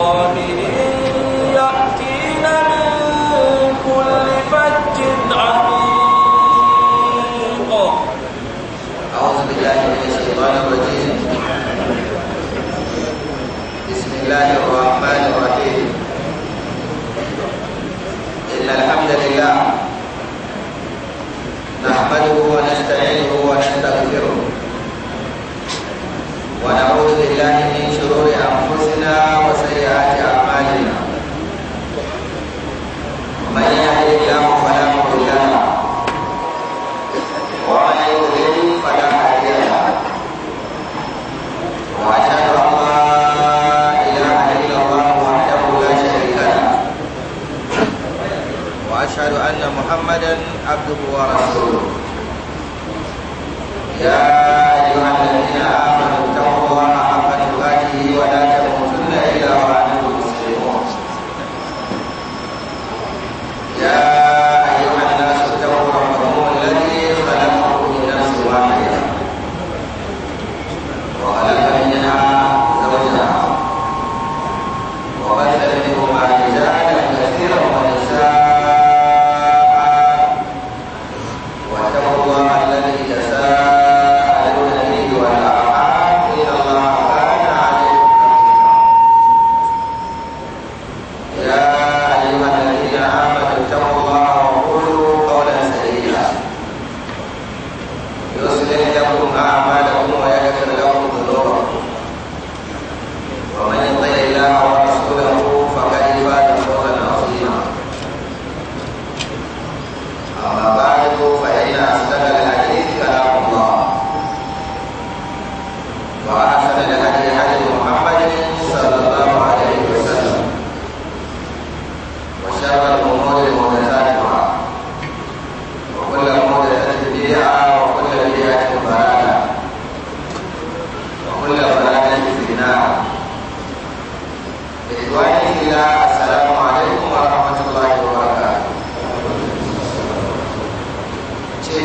Amen. abduhu wa rasuluh Ya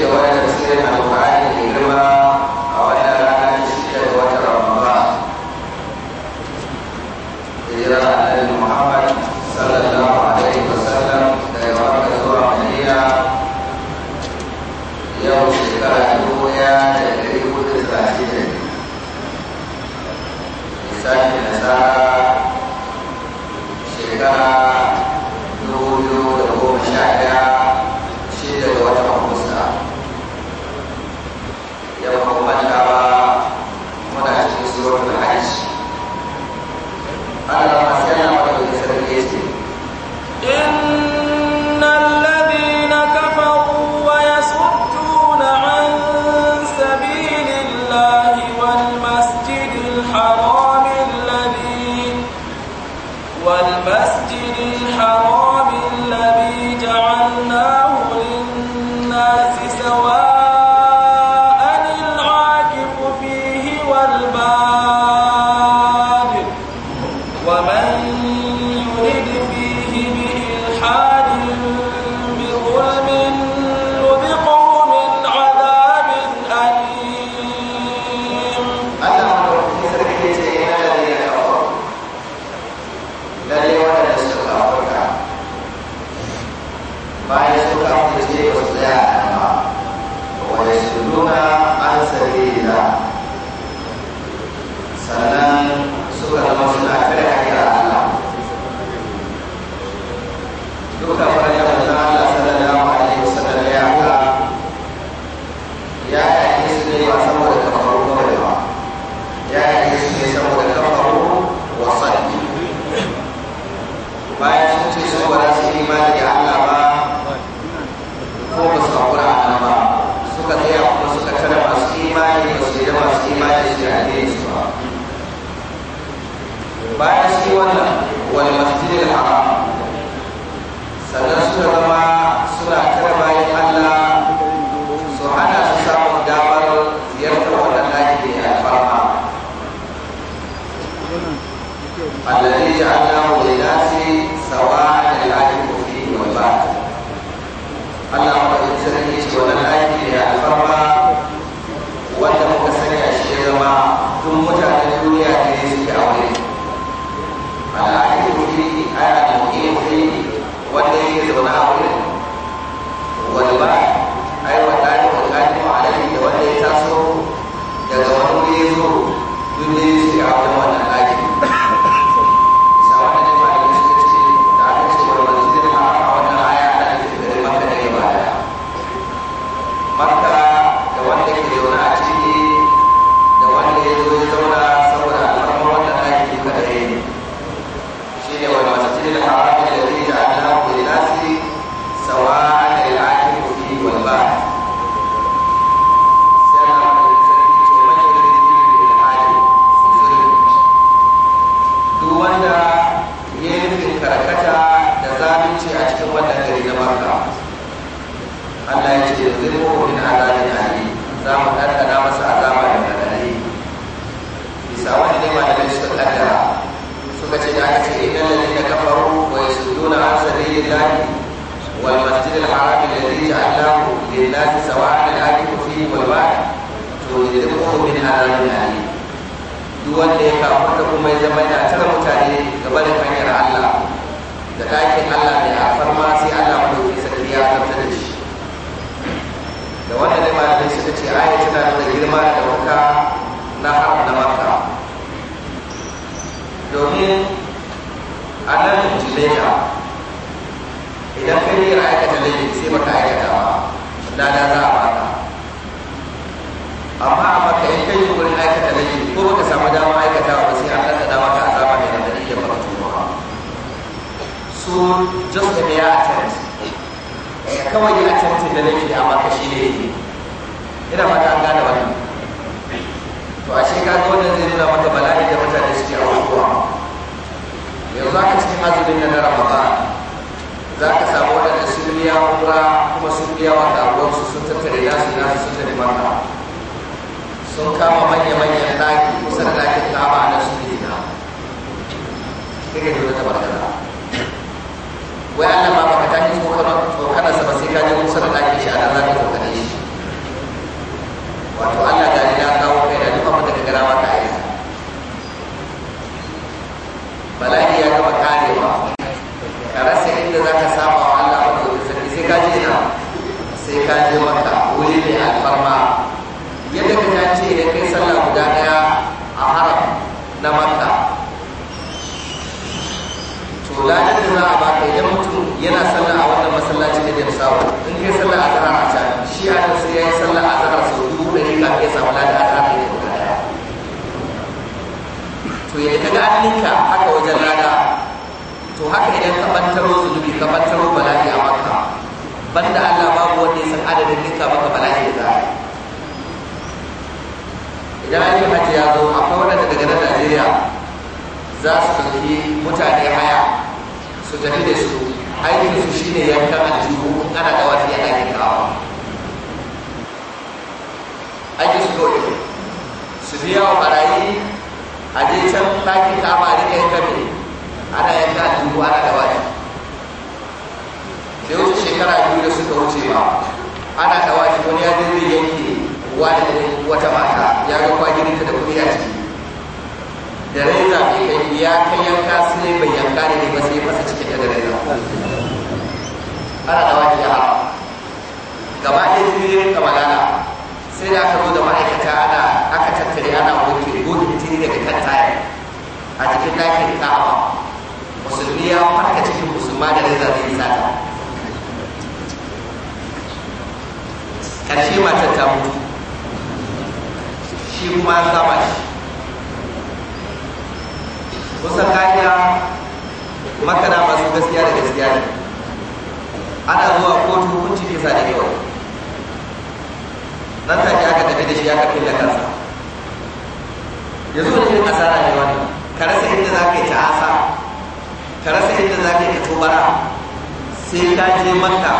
da wayar da suke da alƙur'ani da girma الذي جعلناه للناس سواء العالم فيه والباطل اللهم azamin alim duk wanda ya kafa da kuma ya zama yana tara mutane gaba da hanyar Allah da ɗakin Allah mai alfarma sai Allah mu sarki ya da shi da da malamai suka ce tana da girma da wuka na da maka domin idan kai ne aikata laifi sai baka aikata ba da da za a amma a maka yi kai wurin aikata laifi ko baka samu dama aikata ba sai an kada dama ka azaba ne da nake maka tuwa so just a mere attempt eh, kawai ya attempt da laifi a maka shi ne ina maka ta gane wani to a shi ka ga wannan zai nuna maka bala'i da mutane suke a wasuwa yanzu aka cikin azumin nan na ramadan za ka samu waɗanda sun biya umra kuma sun biya wa ɗaruwarsu sun tattare nasu nasu sun tattare maka sun kama manya-manyan daki kusa da dakin kaba na su ne na kake da wata barkana wai Allah ma baka tashi tsokanar sa ba sai ka kusa da dakin shi a nan zaka tsokane shi wato Allah da ya kawo kai da duka abin da ka gara maka aiki bala'i ya gama karewa ka rasa inda zaka saba wa Allah ba da sai ka na sai ka je maka wuri ne alfarma ce ya kai sallah guda daya a haram na makka to da da za a baka idan mutum yana sallah a wannan masallaci da jam sawo in kai sallah a zahar a can shi a kan sai ya yi sallah a zahar sau dubu da rika ya samu ladan a zahar da guda daya to ya ka ga aninka haka wajen lada to haka idan ka bantaro zunubi ka bantaro bala'i a makka banda Allah babu wanda ya san adadin ninka maka bala'i da za jahilin hajji ya zo akwai waɗanda daga na najeriya za su ɗauki mutane haya su tafi da su aikin su shine yankan aljihu ana da wani yana yin kawo aikin su dole su biya wa barayi a je can ɗakin kama a rika yanka mai ana yanka aljihu ana da wani. da wuce shekara biyu da suka wuce ba ana da wasu wani ya zai yanke wani da wata mata ya ga ta da kuɗi a ciki da reza bai kai ya kai yanka su ne bai yanka ne ba sai masa cikin da reza ana da wani ya hawa gaba ɗaya jirgin ka magana sai da aka zo da ma'aikata ana aka tattare ana goge goge jini daga kan tayar a cikin ɗakin ka'aba musulmi ya farka cikin musulma da reza zai yi sata ƙarshe matar ta mutu shi kuma ya saba shi kusan ka'ida makana masu gaskiya da gaskiya ne ana zuwa kotu hukunci ne sa da yau nan take aka tafi da shi aka filla kansa yanzu wani a asara ne wani ka rasa inda za ka yi ta'asa ka rasa inda za ka yi tobara sai ka je makka,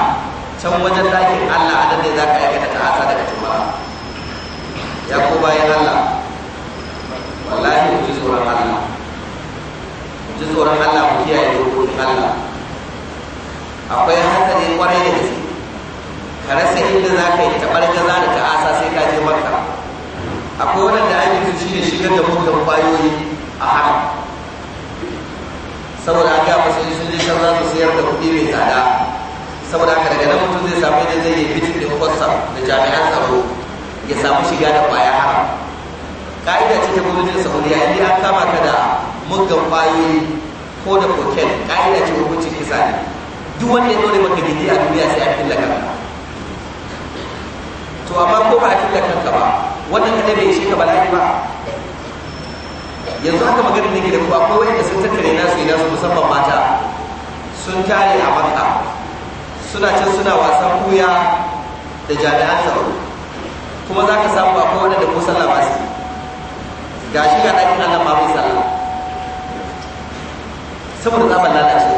can wajen dakin allah a ne za ka aikata ta'asa daga cikin ya ko bayan Allah wallahi mu ji tsoron Allah mu ji tsoron Allah mu kiyaye dokokin Allah akwai hankali kwarai da gaske ka rasa inda za ka yi tabar gaza da Asa sai ka je makka akwai wanda an yi tuci da shigar da mutum kwayoyi a haka saboda aka masu yi sun je can za su sayar da kuɗi mai tsada saboda ka daga nan mutum zai samu yadda zai yi fitin da kwasa da jami'an tsaro ya samu shiga da kwaya haram ka'ida ce ta gwamnatin saudiya inda an kama ka da muggan kwaye ko da koken ka'ida ce hukuncin kisa ne duk wanda ya dore maka gidi a duniya sai a killa kanka to amma ko ba a killa kanka ba wannan kada bai shi ka bala'i ba yanzu haka maganin nake da ku akwai da sun tattare nasu ina su musamman mata sun tare a makka suna can suna wasan kuya da jami'an tsaro kuma za ka samu akwai kowane da ko sallah ba su ga shi ga ɗakin Allah ba bai sallah saboda tsaban ba to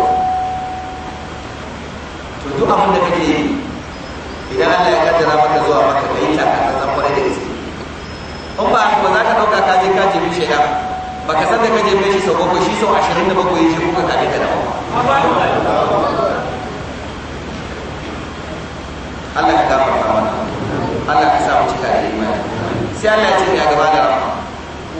duk abin da kake yi idan Allah ya kaddara maka zuwa maka kai ta ka san kwarai da gaske in ba haka ba za ka ɗauka ka je ka jefi shaida ba ka san da ka jefe shi sau bakwai shi sau ashirin da bakwai shi kuka ka je ka dawo Allah ka gafarta mana Allah ka sa mu cika da imani sai Allah ce ya gaba da rahama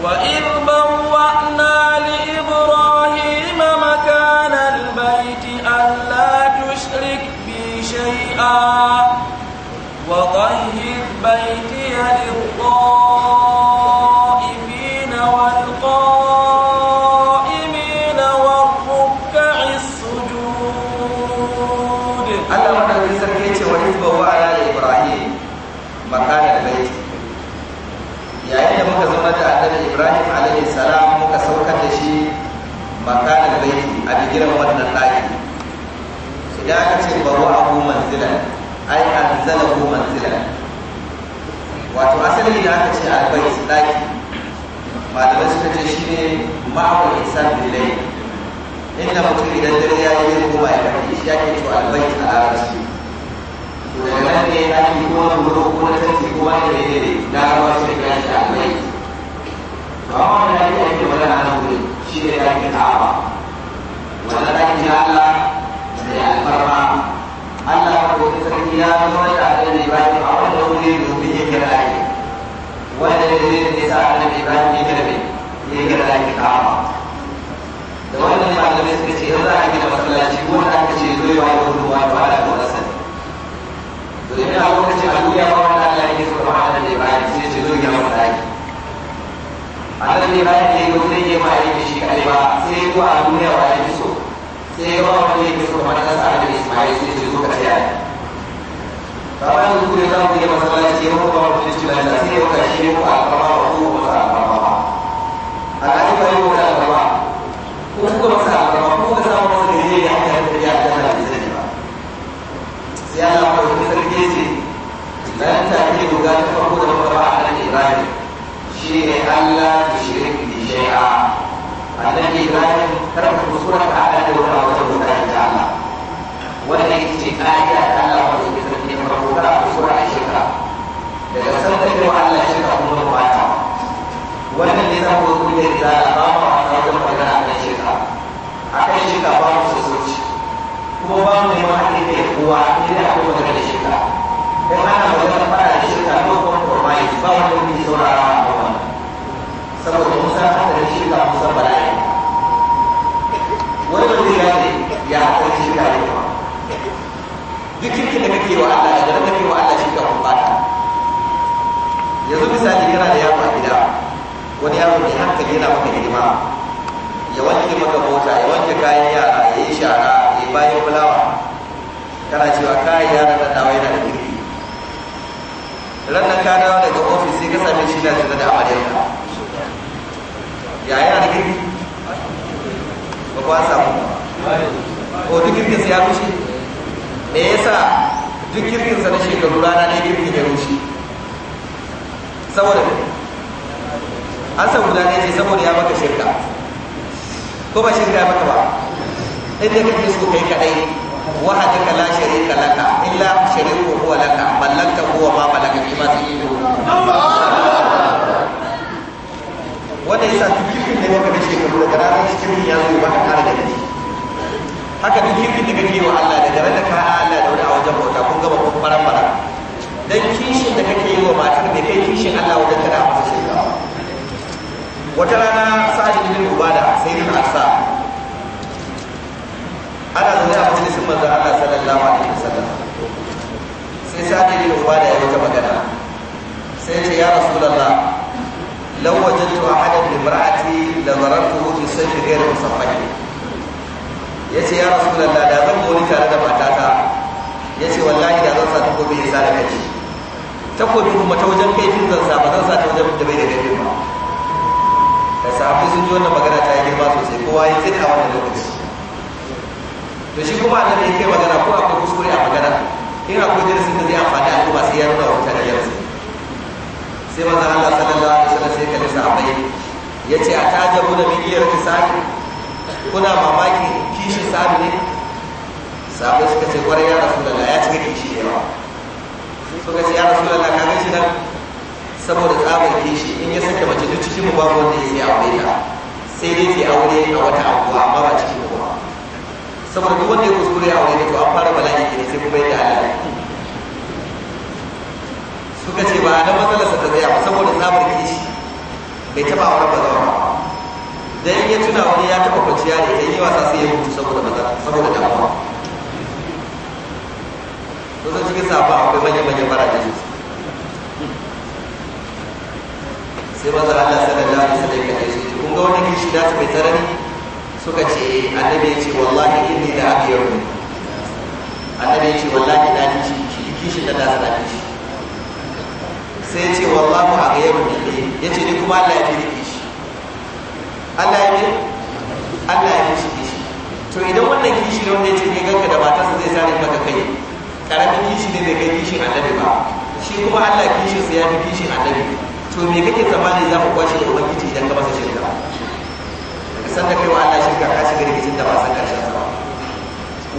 wa in bawwa'na li ibrahim makana al-bayti alla tushrik bi shay'a girma wannan ɗaki Ya kace ce baro abu manzilan ai anzala ko manzilan wato asali idan aka ce albai ɗaki malamai suka ce shi ne ma'awar isan bilai inda mutum idan dare ya yi zai koma ya faɗi shi ya ake cewa albai a arashi daga nan ne ake kuma buru ko na tanti ko ma ne ne na ruwa shi ne ya shi albai to amma wani ake ake wani a nan wuri shi ne ya yi ta'awa wanda Allah Allah a mai ya da ne yanzu masallaci ce ya na a ba ya ke so ce ya wani ɗaki annabi ya yi shi kaɗai ba sai ya zo a duniya ba ya fi so sai ba wani yake so mata ta sa'a da ismail sai ce zo ka tsaya yi. ba ba da kuma za mu yi masallaci ya mutu ba wani sai ya wuka shi ne ko a kama ba ko ba a kama ba a ba yi wuka a kama ko kuka masa a ko kuka samu masa da yi da ta da ya ta da bai sani ba sai Allah ba wani ce nan ta ke ta farko da ba a nan Ibrahim shi ne Allah da shirin da shai'a a nan Ibrahim wannan ita ce ƙa'ida ta Allah wanda ke sarki ne farko kana kusura a shekara daga san da kai Allah shekara kuma ba ta wannan ne zan ko kuma da za a ba mu a wajen magana akan shekara akan shekara ba mu sosai kuma ba mu neman haɗin da kowa ne da akwai magana da shekara dan ana magana fara da shekara ko kuma compromise ba wanda ke saurara a wannan saboda Musa ta da shekara Musa bala'i wani ba zai gane ya haɗa shekara zikin da kake wa Allah da kake wa Allah shi ka Ya yanzu misali yana da yaro a gida wani yaro mai hankali yana maka hidima ya wanke maka mota ya wanke kayan yara ya yi shara ya bayan fulawa kana cewa kayan yara da dawa yana da girki ranar ka dawo daga ofis sai ka same shi na tuna da amaryarka ya yana da girki ba kwa samu ko duk girkin sai ya fushi me yasa duk sa na shekaru rana ne girkin ya rushe saboda an san guda ne ce saboda ya maka shirka ko ba shirka ya maka ba inda kake so kai kadai wahadaka la sharika laka illa shariku huwa laka mallaka huwa ma balaka fi ta tu'idu wanda yasa duk kirkin da ya maka na shekaru da ranar shekaru ya zo ba ka kara da haka duk kirkin da daga wa Allah da dare da ka haɗa Allah da wani a wajen bauta kun gaba kun faran fara. dan kishin da kake yi wa matar da kai kishin Allah wajen tana masa sai ka wata rana sa'ad ibn ubada sai ibn asa ana zaune a majalisin manzon Allah sallallahu alaihi wasallam sai sa'ad ibn ubada ya wata magana sai ce ya rasulullah law wajadtu ahadan bi imra'ati la zarartuhu fi sayfi da musamman. ya ce ya rasu da da zan wani tare da matata ya ce wallahi da zan sa takobi ya sa da kai takobi kuma ta wajen kai tun zan sa ba zan sa ta wajen da bai da kaifin ba da sahabi sun ji wannan magana ta yi girma sosai kowa ya tsira wannan lokaci to shi kuma annabi ya magana ko akwai kuskure a magana in akwai darasin da zai amfani a kuma sai ya nuna wa mutane darasi sai maza Allah sallallahu alaihi wasallam sai kalli Ya yace a tajabu da miliyar isaki kuna mamaki kishi sami ne sabai suka ce kwarai ya rasu da ya cika kishi da yawa suka ce ya rasu da ka shi nan saboda tsabar kishi in ya sake mace duk cikin mu babu wanda ya yi aure ta sai dai ta aure a wata abuwa amma ba cikin mu ba saboda duk wanda ya kuskure a aure ta to an fara bala'i ne sai kuma yadda Allah suka ce ba na matsalarsa ta tsaya ba saboda tsabar kishi bai taba auren ba zama ba da in ya tuna wani ya taba kwanciya da ita yi wasa sai ya mutu saboda maza saboda damuwa to san cikin safa akwai manyan manyan baraje sosai sai maza Allah sallallahu alaihi wasallam ya shi kun ga wani kishi da su mai tsarani suka ce annabi ya ce wallahi inni la abiyaru annabi ya ce wallahi na kishi kishin da na da kishi sai ya ce wallahu a aghayru ya ce ni kuma Allah ya fi Allah ya ne Allah ya kishi kishi to idan wannan kishi da wanda ya ce ne ganka da matarsa zai sare maka kai karamin kishi ne bai kai kishin annabi ba shi kuma Allah kishin sa ya fi kishin annabi to me kake tsammani za mu kwashe da ubangiji idan ka masa shirka ka san da kaiwa Allah shirka ka shiga rikicin da ba san karshen sa ba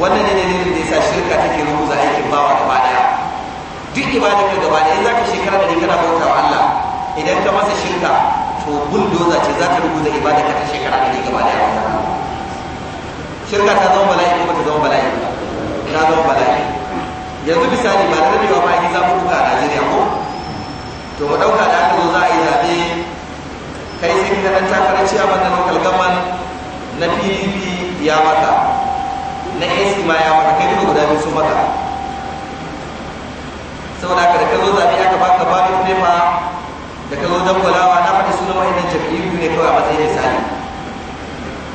wannan ne ne da yasa shirka take rubuta aikin bawa gaba daya duk ibadar ka gaba daya in zaka shekara da ne kana bautawa Allah idan ka masa shirka to bulldozer ce za ta rubuta ibada ta shekara ɗari gaba da yawa shirka ta zama bala'i ko ta zama bala'i ta zama bala'i yanzu misali ba da daɗewa ba yi zaɓi kuka a najeriya ko to mu ɗauka da aka zo za a yi zaɓe kai sai ka ɗan ciya ban da local government na pdp ya maka na ac ma ya maka kai duka guda biyu su maka saboda ka da ka zo zaɓe aka baka babin ma da ka zo dangwalawa na da wayannan jam'i biyu ne kawai a matsayin misali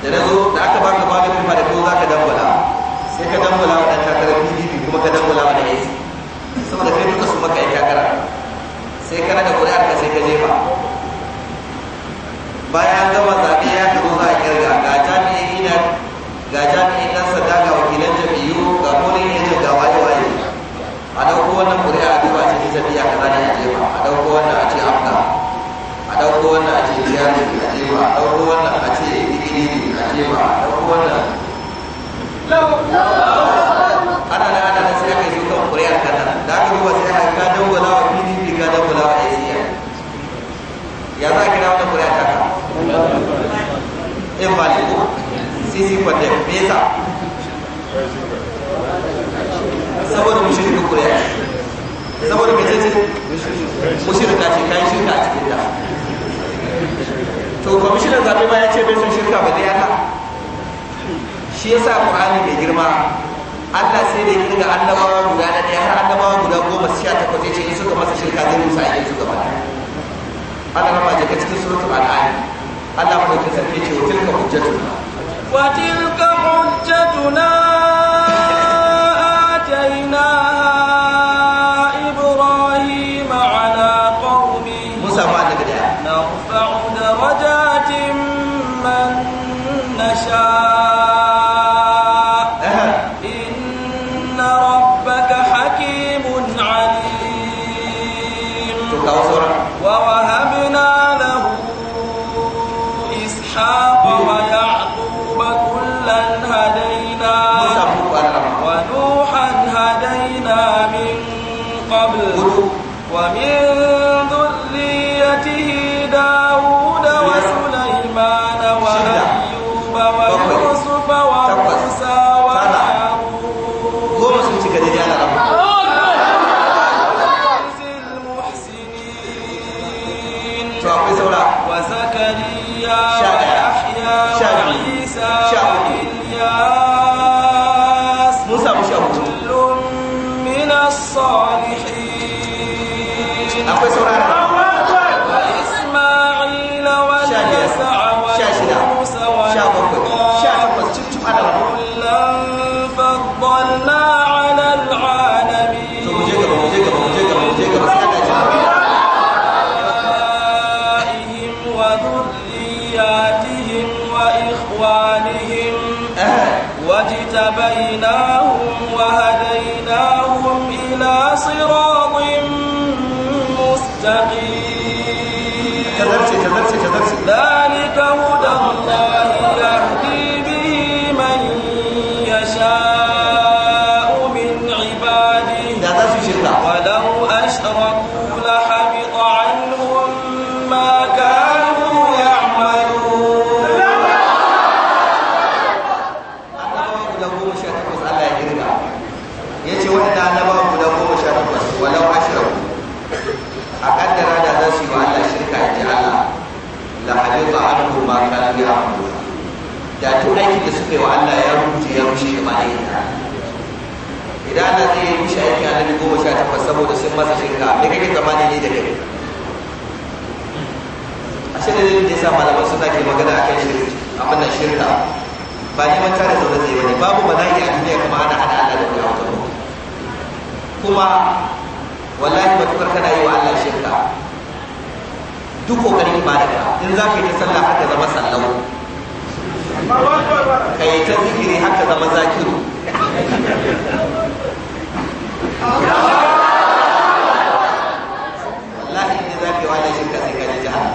da na zo da aka baka bada kuma da ko za ka dangwala sai ka dangwala wa ɗan takarar pdp kuma ka dangwala wa ɗan ac saboda kai duka su maka ya takara sai kana da kuri'ar ka sai ka jefa bayan gama zaɓe ana na ana na sai aka yi kan kuriya kanan da aka duba sai aka ka dangwala wa pdp ka dangwala wa acm e ya za a kira wata kuriya ta ka in ba ne sisi kwatem me yasa saboda mu shirka kuriya saboda mai ce mu shirka ce kayan shirka a cikin ta to kwamishinan zaɓe ma ya ce bai sun shirka ba dai Allah shi yasa qur'ani mai girma Allah sai da kirga annabawa guda da ɗaya har annabawa guda goma sha takwas ya ce in suka masa shirka zai musa aikin su gaba Allah ma jaka cikin surat المتقين كذبت كذبت كذبت ذلك هو Allah ya rubuce ya rushe shi ba idan Allah zai rushe aiki a nan goma sha takwas saboda sun masa shirka me kake tsammani ne da kai a shi dalilin da ya sa malaman suna ke magana a kan shirin abin shirin shirka ba manta da zaune zai wani babu ba bala'i a duniya kuma ana hada Allah da wani wata kuma wallahi matukar kana yi wa Allah shirka duk kokarin ba da in za ka yi ta sallah haka zama sallahu kai ta zikiri haka zama zakiru wallahi ne za ka yi wani shirka sai ka ji jihar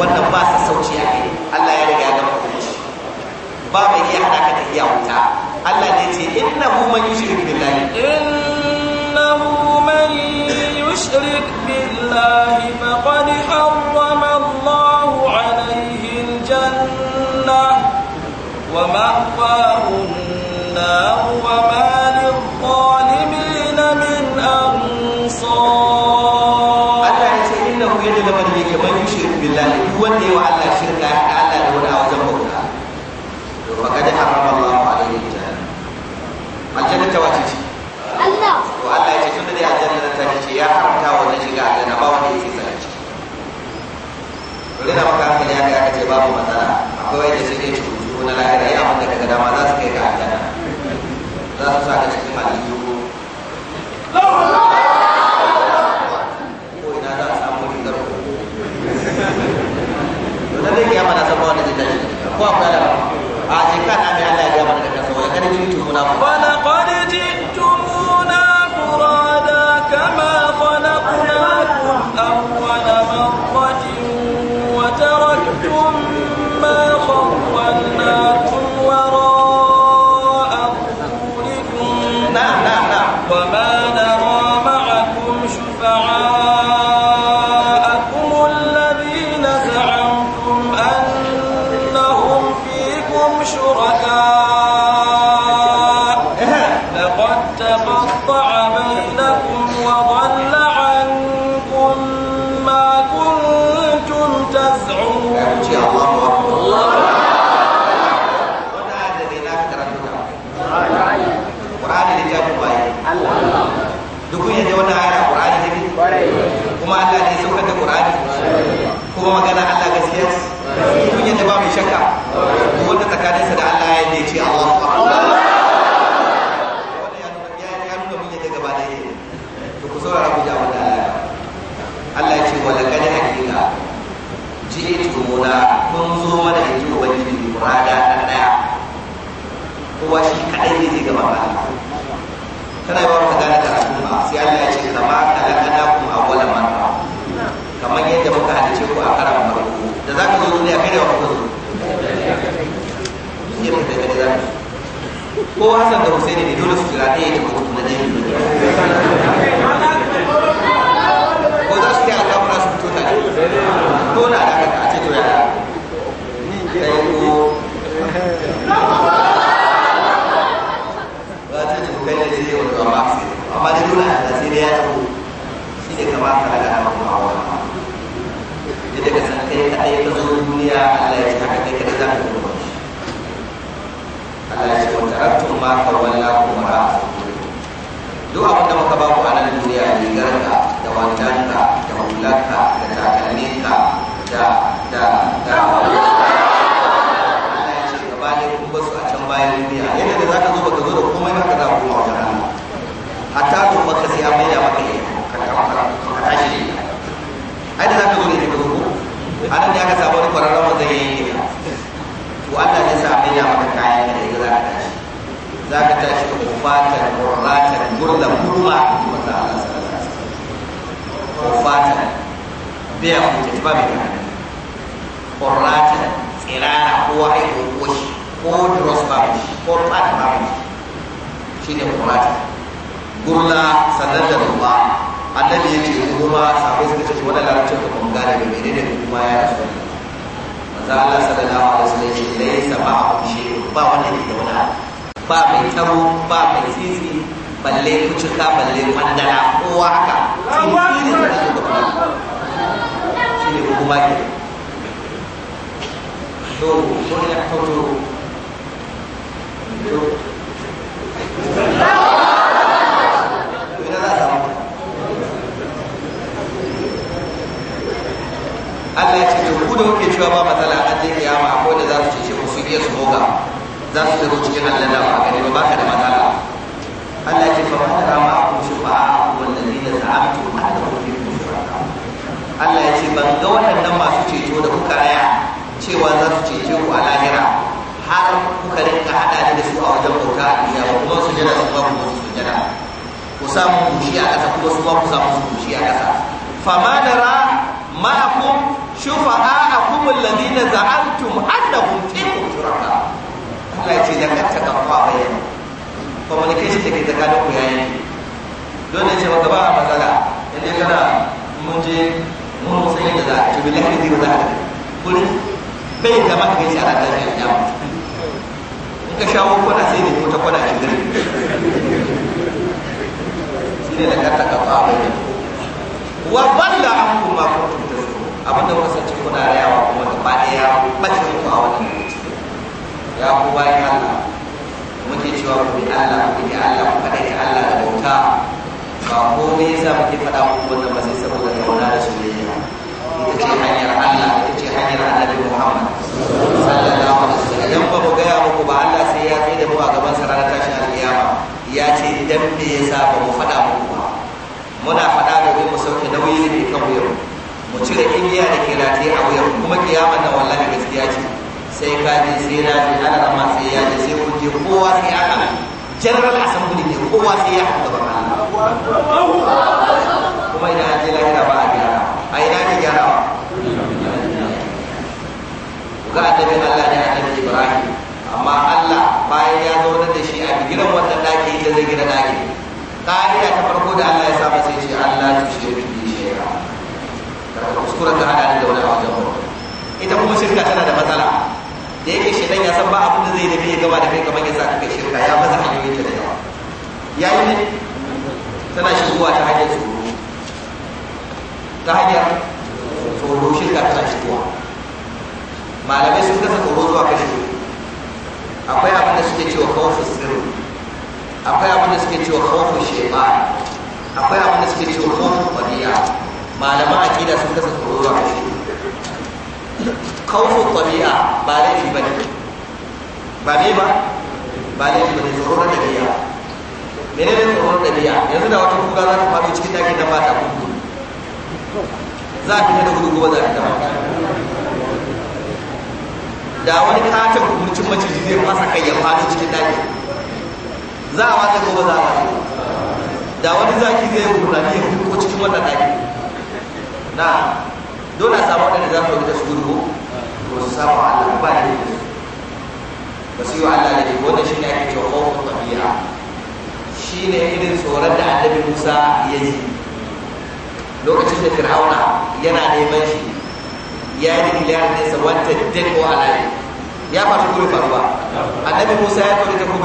wannan ba su sauci a kai Allah ya riga ya gama hukunci ba mai iya haɗa ka da iya wuta Allah ne ce innahu man yushrik billahi man yushrik billahi faqad مأواه النار وما للظالمين من أنصار الله يتي إنه يجد من يجي من يشرك بالله يولي وعلى شرك على الهدى وجنبه وقد حرم الله عليه الجنة الجنة واتيتي الله والله يتي تند دي الجنة تاتيتي يا حرمتا وجنجي الجنة ما وجه يتي سلاتي ولنا مكان في الجنة يا كتي باب مثلا أقوى يتي ko na ya wanda daga dama za su kai ka aljanna ka cikin a samu rigar na sabuwa da na mai ko ko Hassan da Hussein ne dole su kira ɗaya da mutum na ko za su kai alƙawura su fito tare ko na da haka a ce to yaya ɗaya ko ba ta ce kai da ce wani ba ba amma da dole a da sai da ya tabo shi ne kamata a ga ana kuma wani da daga san kai ka ka zo duniya Allah ya ma kawalla abin da muka baku a nan duniya rigarka da wandanka da hularka da takalminka da ya a can baka zo hatta baka ka tashi ai da zaka zo ne ka zo ko kufatan gurratan gurda kurma wanda Allah sallallahu alaihi wasallam kufatan biya ku ta ba mai kana gurratan tsirara ko ai ko koshi ko dross ba ko pat ba shi ne gurratan gurla sallallahu alaihi wasallam annabi yake kuma sabai suka ce wannan larabcin da kun gane da menene kuma ya rasu manzo Allah sallallahu alaihi wasallam laysa ma'a shay'un ba wanda yake da wani ba mai taro ba mai tsiri balle kucuta balle mandala kowa haka tsiri da kuma shi ne kuma ke to ko ne aka to a Allah ya ce to ku da kuke cewa ba matsala a je kiyama ko da za su ce ku su iya su boga za su shigo cikin halalla ba gani ba baka da matsala Allah ya ce fa man rama akum shufa'a wal da za'amtum annahum fikum shuraka Allah ya ce ban ga waɗannan masu ceto da kuka raya cewa za su cece ku a lahira har kuka rinka hada ni da su a wajen bauta a duniya ba kuma su jira su ba ku su jira ku samu kushi a ƙasa kuma su ba ku samu su kushi a ƙasa fama da ra ma'akum shufa'a akum alladhina za'amtum annahum fikum shuraka Allah da kanta lakar ta kafa a bayani communication da ke tsakanin ku yayi don ne ce ba gaba a matsala inda kana mun je mun san yadda za a ci bi lakar ba za a tafi kuri bai zama ka kai a ranar da ya in ka shawo ko kwana sai ne ko ta kwana shi dare shi ne da kanta kafa a bayani wa balla an kuma kuntum tasbu abinda wasa san cikin kuna rayawa kuma da gaba daya bacin ku a wannan lokaci ya ku bayi Allah muke cewa ku bi Allah ku bi Allah ku kaɗai da Allah da bauta ba komai yasa muke faɗa muku wannan ba sai saboda kauna da soyayya ita ce hanyar Allah ita ce hanyar Annabi Muhammad sallallahu alaihi wasallam idan ba mu gaya muku ba Allah sai ya tsaye da mu a gaban sa ranar tashin alƙiyama ya ce idan me yasa ba mu faɗa muku ba muna faɗa domin mu sauke nauyi da ke kan wuyar mu cire igiya da ke rataye a wuyar kuma kiyaman nan wallahi gaskiya ce sai ka je sai na je ana sai ya je sai kun je kowa sai ya haɗa general assembly ne kowa sai ya haɗa gaban Allah kuma idan an je lahira ba a gyara a ina ne gyarawa ga annabi Allah ne annabi Ibrahim amma Allah bayan ya zauna da shi a gidan wannan daki da zai gina daki ƙa'ida ta farko da Allah ya saba sai ce Allah ta shi bi shay'a kuskura ta hada da wani wajen ita kuma shirka tana da matsala da yake shi ya san ba abin da zai da ya gaba da kai kamar yasa kake shirka ya baza hanyoyin ta da yawa ya yi ne tana shigowa ta hanyar tsoro ta hanyar tsoro shirka tana shigowa malamai sun kasa tsoro zuwa kashe akwai abin da suke cewa kawafin sirri akwai abin da suke cewa kawafin shema akwai abin da suke cewa kawafin kwaliya malaman akida sun kasa tsoro zuwa kashe khawfu tabi'a ba laifi ba ne ba ne ba ba laifi ba ne tsoron dabi'a menene tsoron dabi'a yanzu da wata kuka za ta faru cikin dakin da mata kuku za a fita da gudu gobe za a fita mata da wani katin mutum maciji zai fasa kai ya faru cikin dakin za a wata gobe za a wata da wani zaki zai gurnani ya fito cikin wannan dakin na dole a samu waɗanda za su yi da su gudu ba su saba Allah ba da ne ba su yi wa Allah da ne wannan shi ne ake cewa kofin tabiya shi ne irin tsoron da annabi Musa ya ji lokacin da Fir'auna yana neman shi ya yi diliyar nesa wanta dako alaye ya faru gurin faruwa annabi Musa ya kori ta ko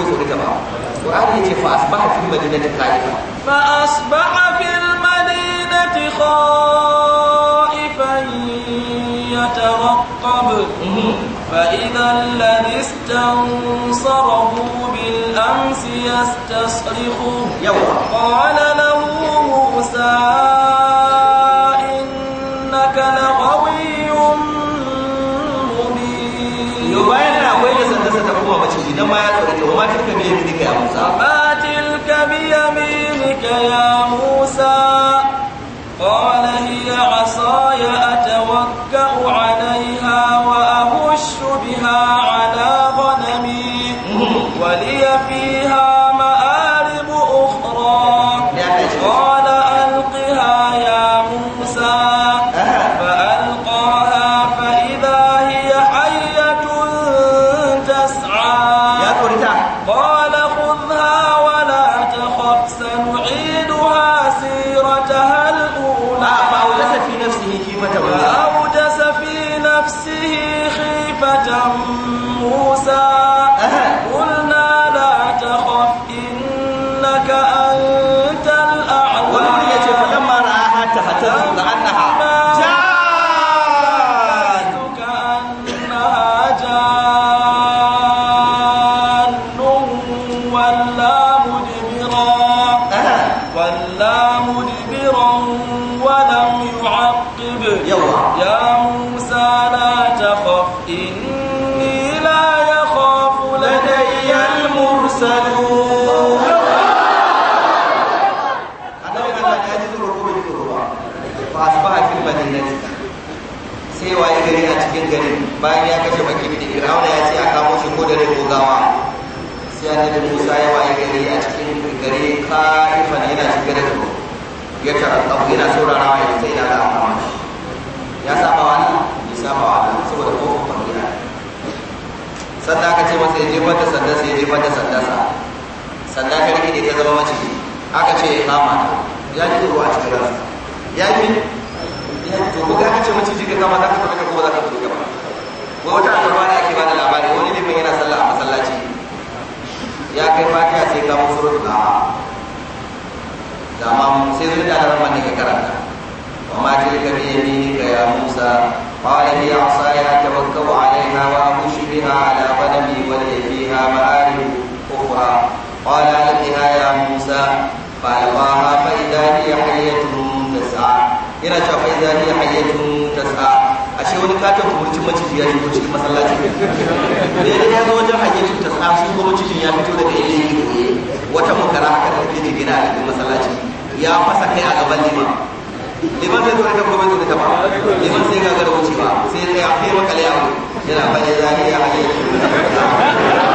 bai tsori ترقب فإذا الذي استنصره بالأمس يستصرخه قال له موسى إنك لغوي مبين يبين أقول لسنة ستقوم بشيء لما يتركه وما تلك بيدك يا موسى da ya jefar da sai ya jefar da sa sanda ta rikide ta zama mace aka ce ya kama ya ji ruwa a cikin rasa ya ji to ku ga kace mace ka kama za ka tafi ko za ka tafi gaba ko wata alama ne ake bada labari wani ne mai yana sallah a masallaci ya kai fatiha sai ka mu suru da da ma sai zuwa da ramman ne ka karanta amma wa ka biye ni ka ya musa قال هي عصاي اتوكا عليها وابش بها على قدمي ولي فيها مآرب اخرى قال لها يا موسى فالقاها فاذا هي حيه تسعى yana فاذا هي idza تسعى tas'a ashe wani ka tafi wurin maciji ya shigo cikin masallaci ne da ya zo wajen hayyatun tas'a shi ko macijin ya fito daga yayin wata mukara haka da take gina a cikin masallaci ya fasa kai a gaban liman bai zuwa kan gwamnati da kama liman sai ga garwaci ba sai ya tsaya sai makale abu yana bayan zahiri a hanyar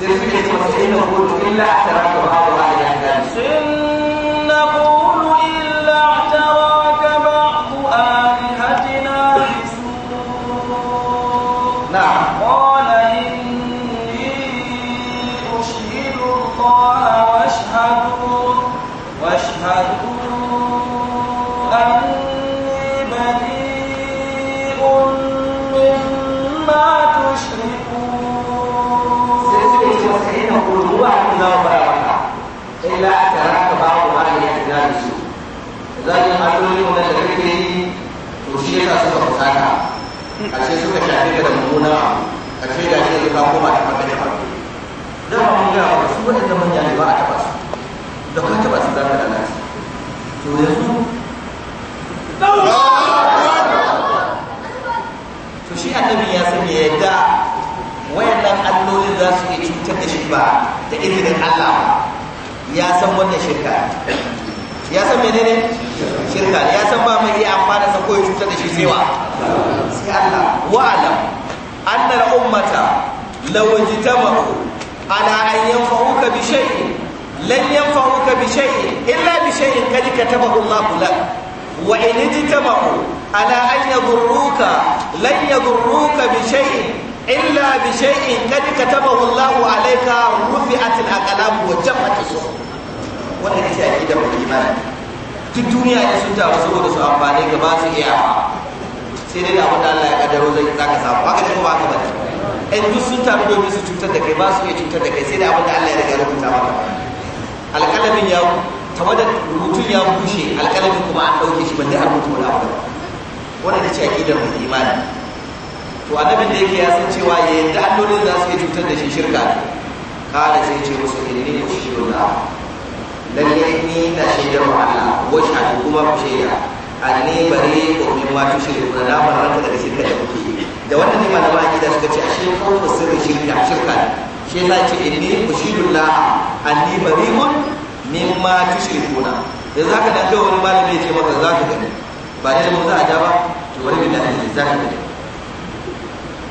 سيرفيكت وسيلة وقول إلا أحسن ركب هذا وهذا abin da faɗa maka illa aka raka ba wa hali ya tana da su zalin alloli wannan da kake yi to shi yasa suka fusata ashe suka shafe ka da mummuna ashe da shi ka koma ta fata da farko da ba mun ga su waɗanda manya a taɓa su da ya sani ya za su iya cutar da shi ba da izinin Allah ya san wannan shirka ya san menene shirka ya san ba mai iya amfana sa ko ya cutar da shi sai wa sai Allah wa alam ummata law ijtama'u ala an yanfa'uka bi shay'in lan yanfa'uka bi shay'in illa bi shay'in kad katabahu Allah lak wa in ijtama'u ala an yadurruka lan yadurruka bi shay'in illa bi shay'in kad katabahu Allahu alayka rufi'at al-aqlam wa jaffat as-suhuf wannan ita ce akidar imani duk duniya ne sun taru saboda su amfani ga ba su iya sai dai abin da Allah ya kaddaro zai zaka samu ba ka da ba ka bane in duk sun taru don su cutar da kai ba su iya cutar da kai sai dai abin da Allah ya riga rubuta maka alƙalamin ya tawada rubutun ya bushe alƙalamin kuma an ɗauke shi ban dai har mutu wani abu wannan ita ce akidar imani to annabin da yake ya san cewa ya yadda allolin za su yi cutar da shi shirka ne kala sai ce musu inni ushiduna lalle ni na shaidar wa Allah wa shahadu kuma ku shaida ne bare ko min ma tushiruna na barranta daga shirka da kuke da wannan ne malama akida suka ce ashe ko ba sirri shirka shirka ne shi yasa ce inni ma anni bari'un mimma Da za ka dan ga wani malami ya ce maka za ka gani ba dai mu za a ja ba to wani billahi za ka gani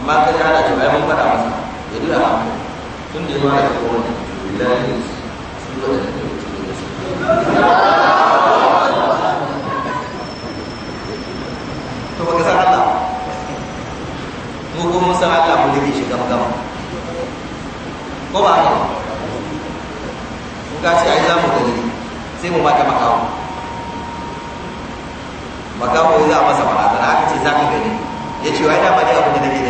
amma ka ji ana cewa mun faɗa masa ya duk a tun da ya mara da kowane lillahi su zo da ne to baka san Allah mu ko mun san Allah mun rike shi gama gama ko ba ne mun ga ce ai zamu da gari sai mu mata makawo makawo za a masa barazana aka ce za ka gani ya ce wa ina ma dai abin da nake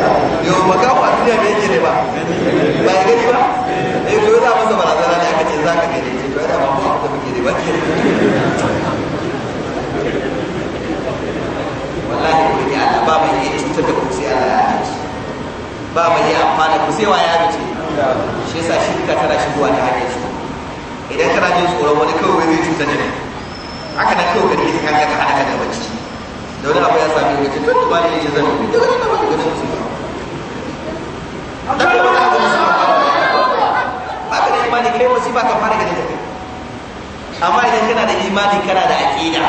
yau a duniya yake ba ya gani ba eh, masa ne aka ce za ka gani ce ma ba abin da muke wallahi ne ba mai cutar da ya ce ba mai amfana ku sai wa ya ce shi yasa ka tara shigowa ta hanyar shi idan kana jin tsoron wani kawai zai cutar da ne haka nan kawai ka kan ka hana ka da bacci da wani abu ya sami wani tun da ba ne ya zama da wani abu da gaji su ba da ne abu da ba ka da imani kai wasu ba ka fara gaji da kai amma idan kana da imani kana da aƙida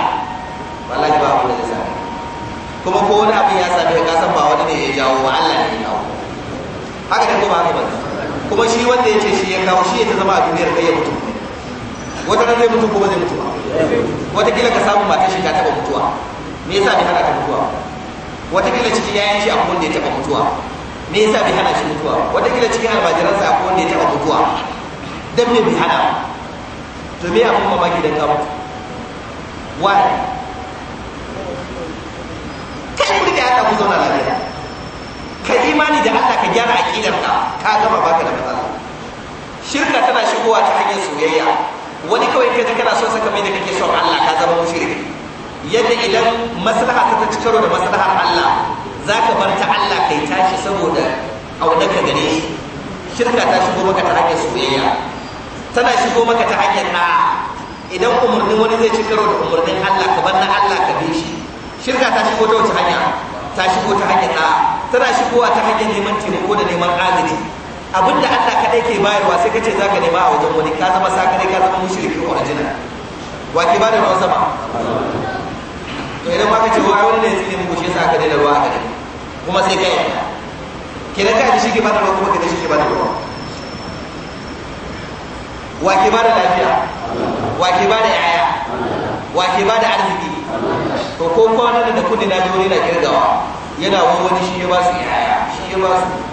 wallahi ba abu da ya sami kuma ko wani abin ya sami ka san ba wani ne ya jawo ba Allah ne ya jawo haka da ko ba haka ba kuma shi wanda ya ce shi ya kawo shi ya ta zama a duniyar kai ya mutu wata ka zai mutu ko zai mutu wata kila ka samu matar shi ta taba mutuwa me yasa bai hana ta mutuwa wata kila ciki yayan shi akwai wanda ya taba mutuwa me yasa bai hana shi mutuwa wata kila bajiran sa akwai wanda ya taba mutuwa dan me bai hana to me abun mamaki da ka mutu why kai ku da ku zauna lafiya ka imani da Allah ka gyara ka ka gama baka da matsala shirka tana shigowa ta hanyar soyayya wani kawai ka ji kana so saka mai da kake son Allah ka zama mushrik yadda idan maslaha ta ta karo da maslahar Allah zaka bar ta Allah kai tashi saboda audaka gare shi shirka ta shigo maka ta hanyar soyayya tana shigo maka ta hanyar a idan umarnin wani zai ci karo da umarnin Allah ka bar na Allah ka bi shi shirka ta shigo ta wace hanya ta shigo ta hanyar a tana shigowa ta hanyar neman taimako da neman azumi abinda Allah kadai ke bayarwa sai kace zaka nema a wajen wani ka zama sa kadai ka zama mushriki ko arjina wa ke bada ruwan sama to idan ma kace wai wani ne tsine mu shi sa ka daina ruwa a gari kuma sai ka yarda kenan ka ji shi ke bada ruwa kuma ka shi ke bada ruwa wa ke bada lafiya wa ke bada yaya wa ke bada arziki to ko kwanan da kudi na jori na kirgawa yana wani shi ya ba su yaya shi ya ba su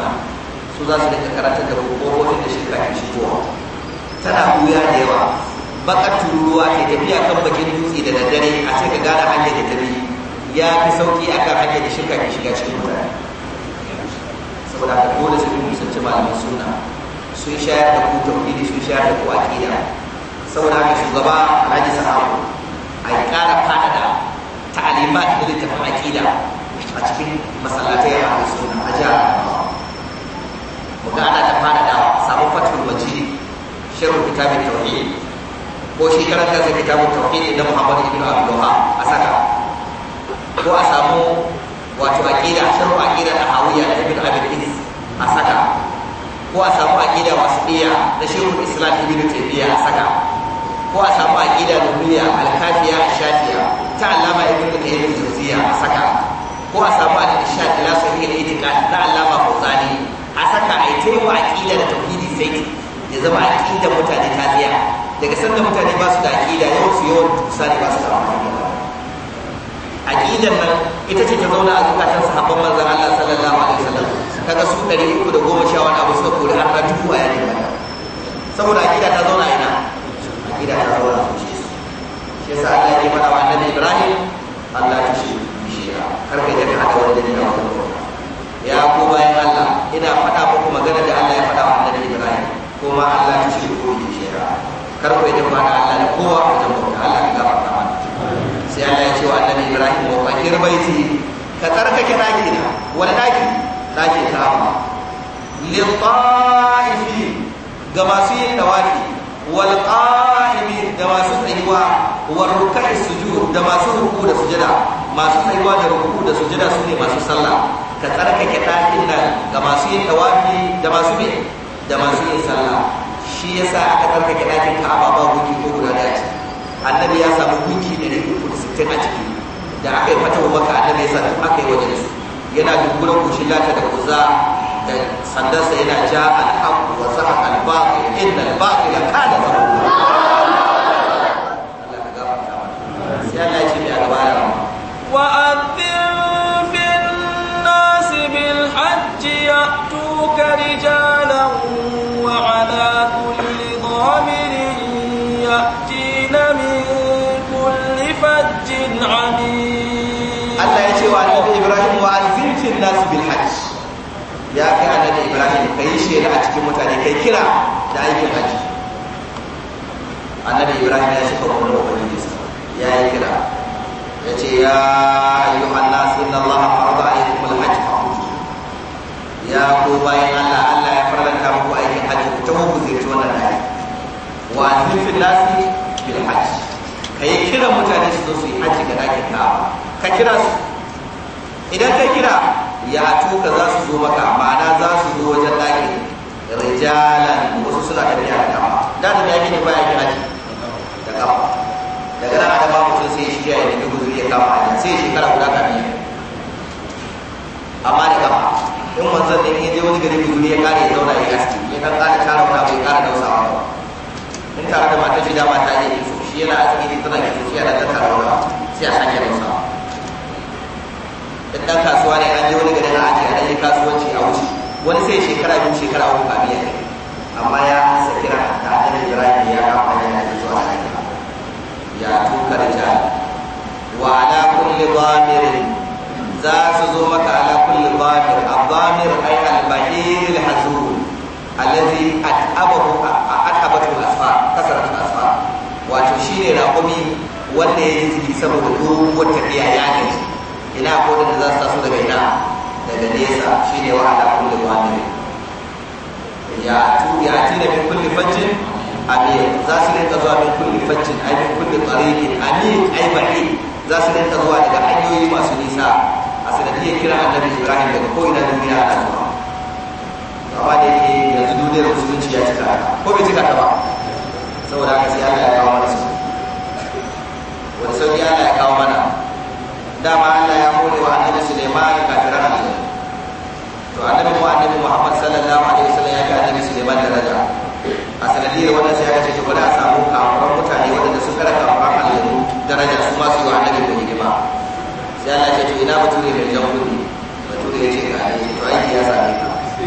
su za su rika karanta da rubutu da shi kafin shigowa tana buya da yawa bakar tururuwa ke tafiya kan bakin dutse da daddare a ce ka gane hanyar da tafi ya fi sauki kan hanyar da shirka ke shiga cikin mutane saboda ka dole su bin musanci malamin suna sun shayar da ku tauhidi sun shayar da ku aƙida saboda haka shugaba alhaji sahabu a yi ƙara faɗaɗa ta'alimat da littafin aƙida a cikin masallatai a suna a jihar mu ana ta fara da samun fatul majid shirin kitabin tauhid ko shi karanta kansa kitabun tauhid na Muhammad ibn abdullah a saka ko a samu wato aqida shirin aqida da Hawiya da Ibn Abi Idris a saka ko a samu aqida wasiliya da shirin Islam Ibn tabiya a saka ko a samu aqida lumiya al shafiya ta Allama Ibn tabiya al a saka ko a samu aqida shafiya ila sahih al ta alama Allama zani. a saka a yi taiwa aƙida da tauhidi sai ya zama aƙida mutane ta tsaya daga sanda mutane ba su da aƙida yawan su yawan tusa ne ba su samu aƙidar nan ita ce ta zauna a zukatan sahabban manzan Allah sallallahu alaihi wasallam kaga su ɗari uku da goma sha wani abu suka kori har na dubu a yanin ba saboda aƙida ta zauna ina aƙida ta zauna a zuciya shi yasa Allah ya yi mana wa annabi Ibrahim Allah ya shi shi kar ka je ka hada wani da a ya ko bayan Allah ina faɗa muku magana da Allah ya faɗa wa annabi Ibrahim kuma Allah ya ce ko ni shira kar ku yadda faɗa Allah da kowa a wajen bauta Allah ya gafarta mana sai Allah ya ce wa annabi Ibrahim wa fakir baiti ka tsarkake daki na wani daki daki ta ba lil ga masu yin dawaki wal qaimi da masu tsayuwa wa ruk'i sujud da masu ruku da sujada masu tsayuwa da ruku da sujada su ne masu sallah ka tsarkake ɗakin nan ga masu yin tawafi da masu bi da masu yin sallah shi yasa aka tsarkake ɗakin ka ababa guki ko guda da ci annabi ya samu guki da uku da sittin a ciki da aka yi wa maka annabi ya sa tun aka yi wajen su yana dunkuran kushin lata da kuza da sandarsa yana ja alhaku wa zaha albaƙi inda albaƙi ya kada zama على كل ضامر يأتين من كل فج عميق الله يجي وعلى النبي إبراهيم وأنزل في الناس بالحج يا كي النبي إبراهيم كي شيء لا أتكي متعني كي كلا لا يجي الحج النبي إبراهيم يا شكرا من أبنيس يا كلا يجي يا أيها الناس إن الله فرض عليكم الحج فحجوا يا كوباين الله الله kuma ku ziyarci wannan hali wa anhifin nasi bil hajj ka yi kira mutane su zo su yi hajji ga dakin ka ka kira su idan ka kira ya tuka za su zo maka ma'ana za su zo wajen dakin rijalan wasu suna da tafiya da kama da da ya kike baya kira ji da kama daga nan aka ba mutum sai shi ya yi da guduri ya kama hajji sai shekara guda kafin amma da kama in wanzan din ya je wani gari bizuri ya kare ya zauna ya aski ya kan kara tara wani bai ya da dausawa ba in tare da matar shi dama ta yi so shi yana aski ne tana gizo shi yana tattara wani sai a sake dausawa in ɗan kasuwa ne an je wani gari na aji a ɗanyi kasuwanci a wuce wani sai shekara biyu shekara uku ba biya ne amma ya ansa kira ta hanyar jirage ya kama ne a zuwa ya tuka da jari wa ala kulli dhamirin za su zo maka ala kulli dhamirin الضامر a البعيل الحزون الذي أتعبه أتعبته الأسفار كسرت الأسفار وتشير رقمي wanda ya jiki saboda doguwar tafiya ya gaji ina ko da za su daga ina daga nesa shine wa ala kulli wamir ya ya ti da min kulli fajjin amir za su rinka zuwa min kulli fajjin ay min kulli tariqin amir ay ba'i za su rinka zuwa daga hanyoyi masu nisa a sanadiyar kira annabi ibrahim daga ko'ina duniya ana zuwa amma da yake yanzu duniyar musulunci ya cika ko bai cika ta ba saboda haka sai allah ya kawo mana su wani sauki allah ya kawo mana dama allah ya kore wa annabi suleiman kafiran aljanna to annabi mu annabi muhammad sallallahu alaihi wasallam ya ga annabi suleiman daraja a sanadiyar wannan sai aka ce to bari a samu kafiran mutane waɗanda suka raka kafiran aljanna daraja su ma su yi wa annabi sai Allah ce to da jan kudi bature ya ce ga to aiki ya same ka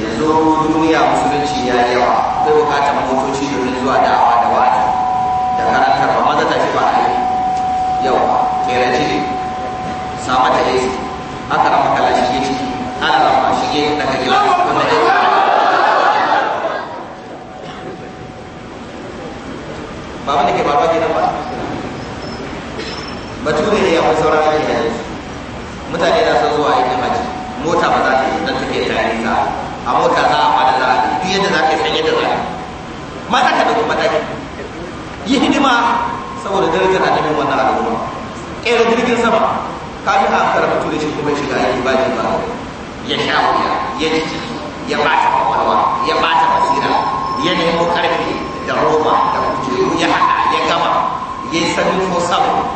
yanzu duniya musulunci ya yawa akwai bukatar motoci domin zuwa da'awa da wa'azi da karantarwa maza ta ce ba a yi Yau, kera jini sama yi aka rama kala shige ciki ana rama shige daga gida wanda ya yi ba wanda ke ba bature ne ya akwai sauran da yanzu. mutane na son zuwa aikin haji mota ba za ta yi don take tare ta a mota za a fada za a yi duk yadda za ka yi san yadda za a yi mata ka dauki mataki yi hidima saboda darajar annabin wannan al'umma ƙera jirgin sama kafin a kara bature shi kuma shiga aiki ba ba ya sha wuya ya ji ciki ya bata kwakwalwa ya bata basira ya nemo karfe da roba da kujeru ya haɗa ya gama ya yi sanin ko sabo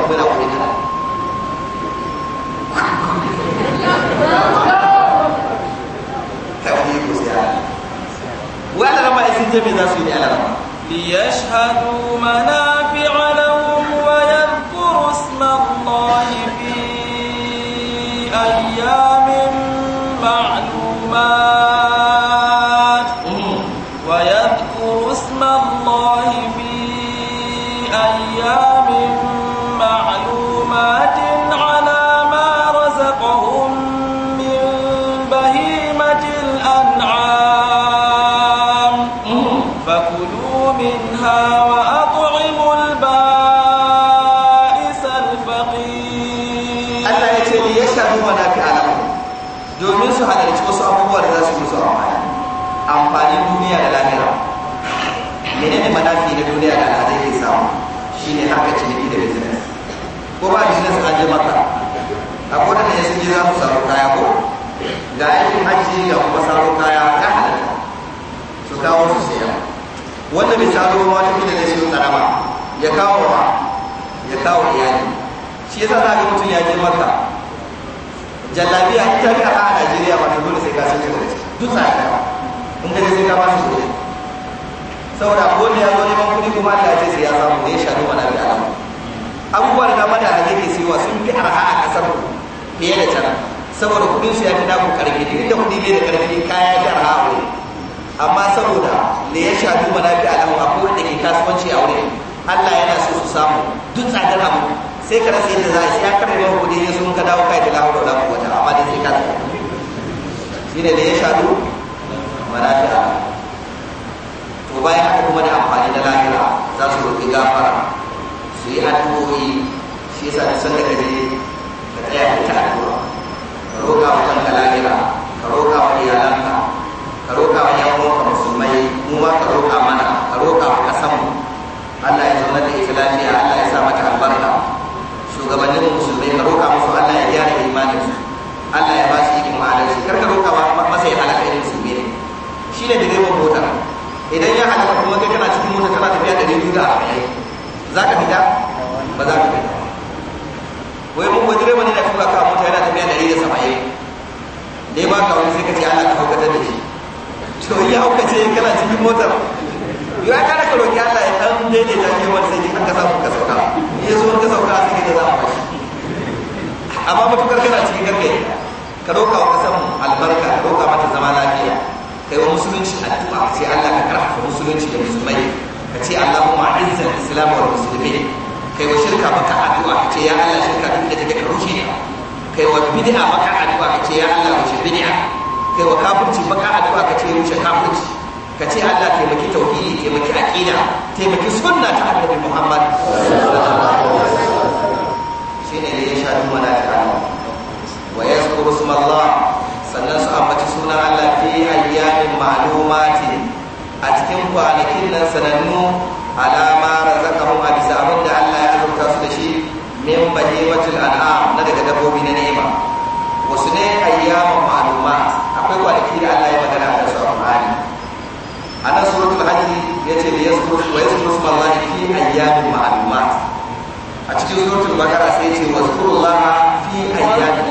تنتبه ذا سيدي على ليشهدوا منافع لهم ويذكروا اسم الله في أيام abin da ya al'ada ke shi shine haka ciniki da business ko ba business an je maka a kodin da ya sun za mu saro kaya ko ga aikin hajji ga kuma saro kaya ta halatta su kawo su siya wanda bai saro ma wata fi da shi karama ya kawo wa ya kawo iyali shi yasa za ga mutum ya je maka jallabiya ita ga a Najeriya ba ta dole sai ka sun da ciki duk sa ta in ka sai ka ba su kuɗi saboda ko ne yazo neman kuɗi kuma Allah ce sai ya samu sha ne mana da alamu abubuwa da dama da alheri sai wa sun fi arha a kasar fiye da can saboda kuɗin su ya fi naku karfi duk da kuɗi bai da karfi kaya ya arha a wuri amma saboda ne ya ne mana da alamu a da ke kasuwanci a wuri Allah yana so su samu duk tsadar abu sai ka rasa yadda za a siya ya karɓi wani kuɗi ya sun ka dawo kai da lahu da lahu wata amma da sai ka shi ne da ya ne mana da alamu to bayan haka kuma da amfani na lahira za su roƙi gafara su yi addu'o'i shi yasa da san da kaje ka tsaya ka ta addu'a ka roƙa wa kanka lahira ka roƙa wa iyalanka ma tafiya ɗari biyu da arba'in za ka fita ba za ka fita wai mun ba direba ne na tura ka mota yana tafiya ɗari da saba'in dai ba ka wani sai ka ce Allah ka haukatar da shi to ya haukace kana cikin motar yau ya kana ka roƙi Allah ya ɗan daidaita ke wani sai an ka samu ka sauka ya zo ka sauka sai ka da za a bashi amma matukar kana cikin gargaɗi ka roƙa wa ƙasar albarka ka roƙa mata zama lafiya kai wa musulunci addu'a sai Allah ka karfafa musulunci da musulmai ce Allahumma izzal islam wal muslimin kai wa shirka baka addu'a ka ce ya Allah shirka duk da take rushe ne kai wa bid'a baka addu'a ka ce ya Allah rushe bid'a kai wa kafirci baka addu'a ka ce rushe kafirci ka ce Allah taimaki tauhidi taimaki aqida taimaki sunna ta annabi Muhammad shine ne ya shaɗu mala'ika wa yazkuru sma Allah sannan su ambaci sunan Allah fi ayyamin ma'lumatin a cikin kwanakin nan sanannu alama razaqahum a bisa abin da Allah ya azurta su da shi min wajil an'am na daga dabbobi na ne'ima wasu ne ayyaman ma'lumat akwai kwanaki da Allah ya magana a su a Qur'ani anan suratul hajj yace da yazkuru wa yazkuru smallahi fi ayyamin ma'lumat a cikin suratul baqara sai yace wazkurullaha fi ayyamin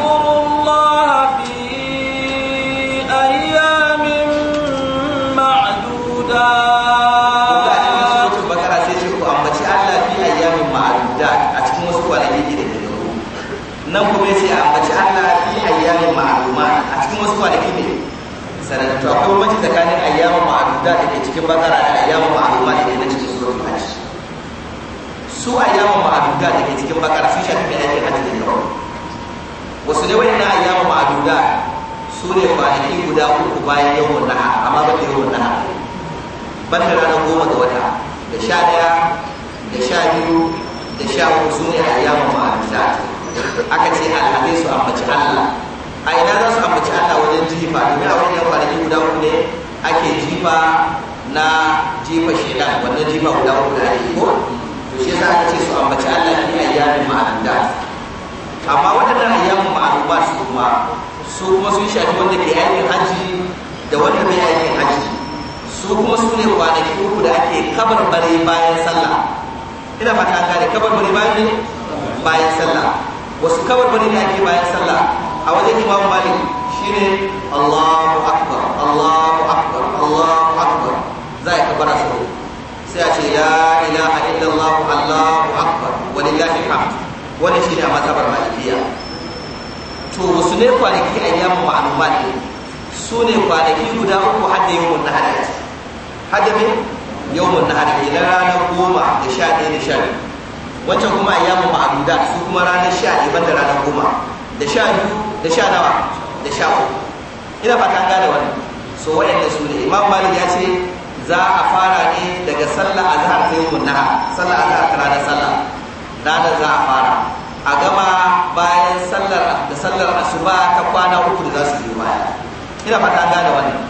nan kuma ya ce a ambaci Allah fi ayyamin ma'aluma a cikin wasu da kine ne sanannu akwai mace tsakanin ayyamin ma'aluda da ke cikin bakara da ayyamin ma'aluma da ke na cikin suratul hajji su ayyamin ma'aluda da ke cikin bakara sun shafi mai aikin hajji da yawa wasu ne wani na ayyamin ma'aluda su ne kwanaki guda uku bayan yawan nahar amma ba ke yawan nahar ban da ranar goma ga wata da sha ɗaya da sha biyu da sha uku su ne ayyamin ma'aluda aka ce alhaƙe su ambaci Allah a ina za su ambaci Allah wajen jifa domin a wajen kwanaki guda wanda ne ake jifa na jifa shaidan wannan jifa guda wanda da ake ko to shi yasa aka ce su ambaci Allah a yamin ma'anuda amma waɗannan ayyamin ba su kuma su kuma sun shafi wanda ke aikin hajji da wanda bai aikin hajji su kuma su ne kwanaki uku da ake kabar bare bayan sallah ina fata kare kabar bare bayan sallah wasu kawar kabarbari da ake bayan sallah a wajen imam malik shine Allahu akbar Allahu akbar Allahu akbar za ka bara su sai a ce ya ilaha illallah Allahu akbar walillahi hamd Wani shine a mazhabar malikiya to wasu ne kwanaki a yamu ma'lumat su ne kwanaki guda uku har da wannan nahar har da me wannan nahar idan ranar goma da sha ɗaya da sha biyu wancan kuma ayyamu ma'aduda su kuma ranar sha ɗaya da ranar goma da sha biyu da sha nawa da sha uku ina fata an gane wannan so waɗanda su ne imam malik ya ce za a fara ne daga sallah azhar sai munna sallah azhar ta ranar sallah ranar za a fara a gama bayan sallar da sallar asuba ta kwana uku da za su je baya ina fata an gane wannan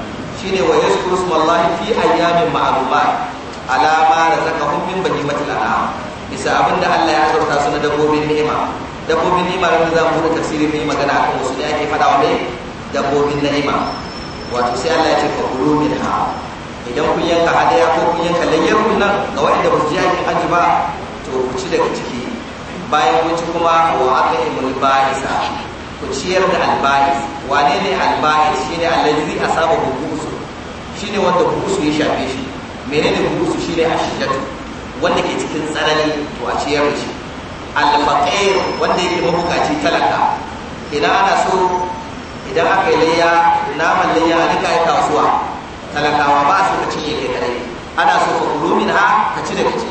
shine wa yaskuru smallahi fi ayyamin ma'lumat alama da razaqahum min bahimatil an'am abin abinda Allah ya azurta su na dabbobin ni'ima dabbobin ni'ima da za mu buɗe tafsirin mai magana akan wasu ne ake faɗa wa mai dabbobin ni'ima wato sai Allah ya ce fa kulu minha idan kun yanka hadaya ko kun yanka layyar kun nan ga wanda ba su ji ake aji ba to ku ci daga ciki bayan kun ci kuma wa aka yi mun ba'isa ku ciyar da alba'is wane ne alba'is shine allazi asaba shi shine wanda bugusu ya shafe shi menene shi shine ashijatu wanda ke cikin tsanani to a ciyar da shi alfaqir wanda yake mabukaci talaka idan ana so idan aka yi layya naman layya ne kai ya kasuwa talakawa ba su ka yake kare ana so ka kulu min ha ka ci da kici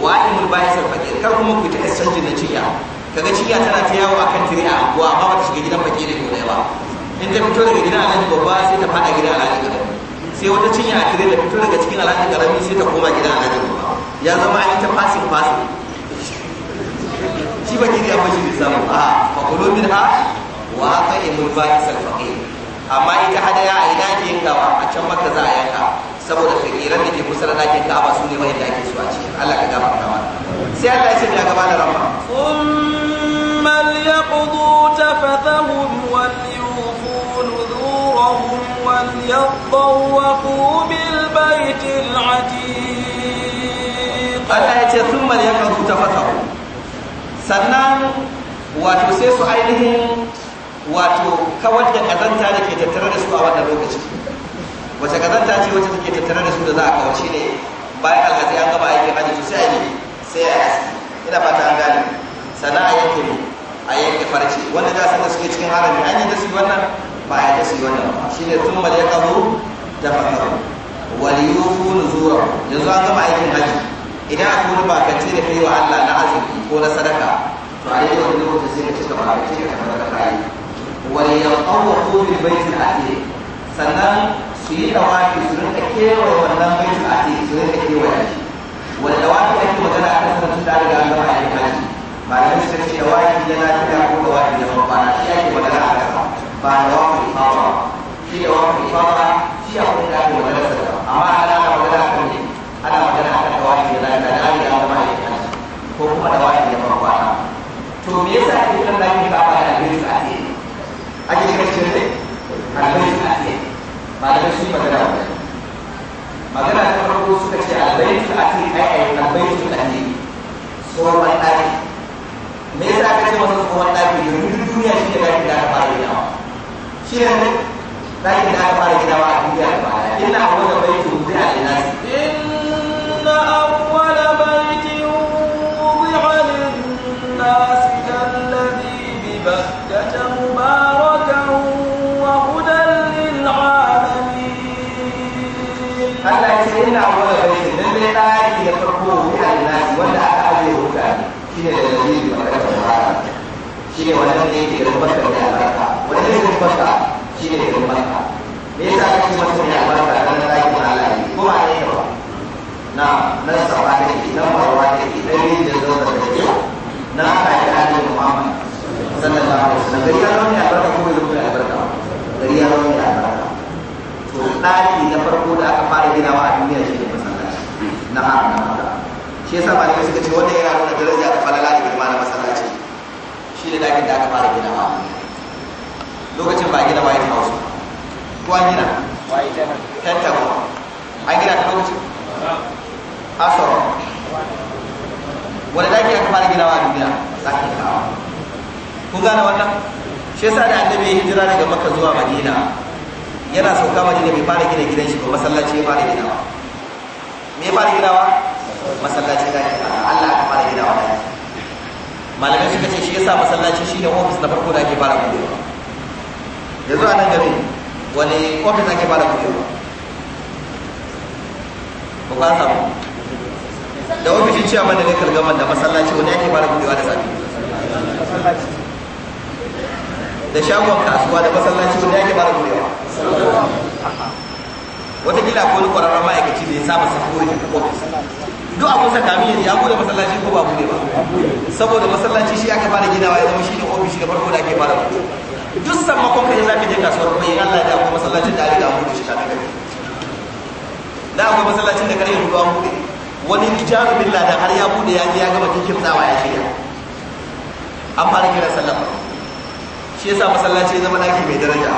wa imul bahisar fakir kar kuma ku ta exchange na ciya kaga ciya tana ta yawo akan tiriya a anguwa amma ba ta shiga gidan fakirin ko ba in ta fito daga gidan alhaji babba sai ta fada gidan alhaji sai wata cinya a tire da fito daga cikin alhaji karami sai ta koma gidan alhaji babba ya zama ita fasik fasik shi ba kiri amma shi samu a fakulu min ha wa ta yi mulba al faqir amma ita hadaya a ina ke gawa a can maka za a yanka saboda fakiran da ke kusa da dakin ba su ne mai da ake a ci Allah ka gafarta mana sai Allah ya ce ya gaba da rama thumma liyaqdu tafathahum wal yufu nuzurahum wal yatawqu bil baitil atiq Allah ce sun mal ya kazu ta fata sannan wato sai su ainihin wato kawar da kazanta da ke tattara da su a wannan lokaci wace kazanta ce wacce take tattara da su da za a kawace ne bayan alhaji an gaba aikin hajji to sai a yi sai a yi ina fata an gane sannan a yanke mu a yanke farce wanda da sun suke cikin harami an yi da su wannan ba a yi da su wannan ba ne sun mal ya kazu ta fata waliyu nuzura yanzu an gama aikin hajji idan a akwai mabakanci da kai wa Allah na azumi ko na sadaka to a daidai wani lokaci sai ka cika mabakanci da ba da kayi wani ya tsawo ko bi baitin ake sannan su yi dawaki su rinka kewaye wannan bai baitin ake su rinka kewaye shi wani dawaki ake magana a kan sarki da riga gama a yin haji malamai ya ce dawaki yana tafiya ko dawaki da mabana shi ake magana a kasa ba ya dawaki ifawa shi ya dawaki ifawa shi kuma akwai da ake magana sadaka amma ana magana kan ne ana kuma da wani ya fara kwana to me yasa ake kiran da yin kaba da alheri a ce ake kiran shi ne alheri a ce malamai sun magana wannan magana ta farko suka ce alheri a ce ai ai alheri ake tsohon ɗaki me yasa aka ce masa tsohon ɗaki domin duniya shi ne ɗakin da aka fara ginawa shi ne ɗakin da aka fara ginawa a duniya da baya illa a wannan shi ne da dalili da magana sahara shi ne wannan da yake garin barka mai albarka wani ne garin barka shi ne garin barka me yasa ake ce masa mai albarka a ranar ɗakin Allah ne ko ba ne ba na na yin na ya zama mai albarka ko bai zama na farko da aka fara ginawa a shi yasa malamai suka ce wanda yana nuna daraja da falala da girma na masallaci shi ne dakin da aka fara gina ginawa lokacin ba a gina white house ko an gina pentagon an gina ta lokacin asoro wani daki aka fara gina wa a duniya tsakin hawa kun gane wannan shi yasa da annabi ya hijira daga makka zuwa madina yana sauka madina bai fara gina gidan shi ba masallaci ya fara wa. me ya fara gina wa? Masallaci masallacin gani Allah ka fara gina wani. malamai suka ce shi yasa masallaci shi ne ofis na farko da ake fara buɗewa Ya a nan gari wani ofis ake fara buɗewa ba kwa samu da ofishin ciyaman mana ne kalgaman da masallaci wani ake fara buɗewa da sami da shagon kasuwa da masallaci wani ake fara wata watakila ko wani kwararren ma'aikaci da ya saba safuri da ofis duk abun sakami ne ya bude masallaci ko ba bude ba saboda masallaci shi aka fara ginawa ya zama shine ofishi da farko da ake fara bude duk sammakon kai zaka je kasuwar mai Allah da akwai masallacin da aka bude shi kana gani da akwai masallacin da kare ruwa bude wani jaru billah da har ya bude ya je ya gama kikirtawa ya shirya an fara kira sallama shi yasa masallaci zama daki mai daraja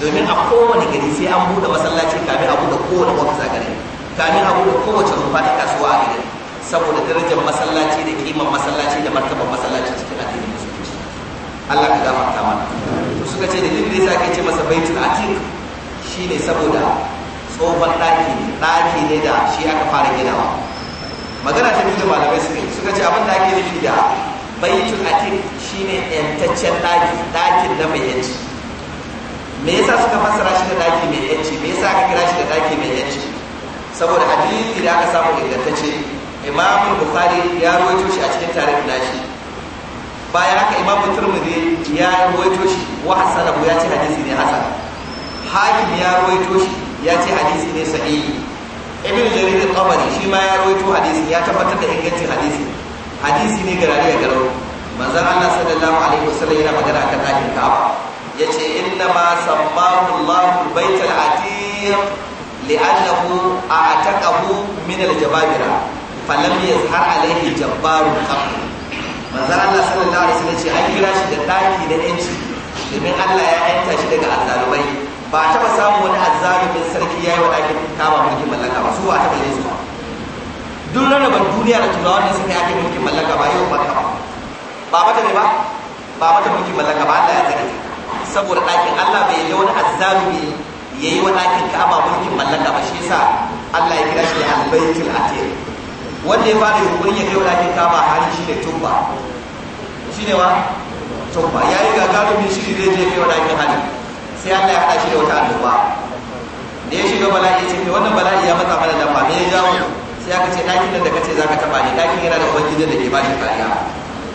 domin a kowane gari sai an bude masallaci kafin a bude kowane ofisa gari kani abu da kowace rumfa da kasuwa a gidan saboda darajar masallaci da kiman masallaci da martaban masallaci cikin addinin musulunci Allah ka gafarta mana to suka ce dalilin da yasa kai ce masa baitul atiq shine saboda tsohon daki ne daki ne da shi aka fara gidawa magana ta biyu da malamai suka yi suka ce abin da ake nufi da baitul atiq shine yantaccen daki dakin da mai yanci me yasa suka fassara shi da daki mai yanci me yasa aka kira shi da daki mai yanci saboda hadisi da aka samu ingantacce imam bukhari ya rawaito shi a cikin tarihin nashi bayan haka imam turmudi ya rawaito shi wa abu ya ce hadisi ne hasan hakim ya rawaito shi ya ce hadisi ne sahihi ibn jarir al-qabari shi ma ya rawaito hadisi ya tabbatar da ingancin hadisi hadisi ne garari ya garau manzon Allah sallallahu alaihi wasallam yana magana akan dakin Ka'aba yace inna ma sammahu Allahu al-bayt al-atiq li'annahu a'taqahu min al-jababira falam yazhar alayhi jabbarun qabl manzo Allah sallallahu alaihi wasallam ce an kira shi da daki da yanci domin Allah ya yanta shi daga azzalumai ba taba samu wani azzalumin sarki yayi wa dakin kama mulkin mallaka ba su ba taba yin su duk rarrabar duniya da turawa da suka yake mulkin mallaka ba yau ba ba mata ne ba ba mata mulkin mallaka ba Allah ya tsare saboda dakin Allah bai yi wani azzalumi yayi wa ɗakin ba mulkin mallaka ba shi yasa Allah ya kira shi da Al-Baitul wanda ya fara yunkurin ya kai wa ɗakin ba hari shi ne Tumba shi ne wa Tumba ga gagarumin shiri zai je kai wa ɗakin hari sai Allah ya haɗa shi da wata annoba da ya shiga bala'i ya ce wannan bala'i ya matsa mana dafa me ya jawo sai aka ce ɗakin nan da kace zaka taba ne ɗakin yana da ubangijin da ke ba shi kariya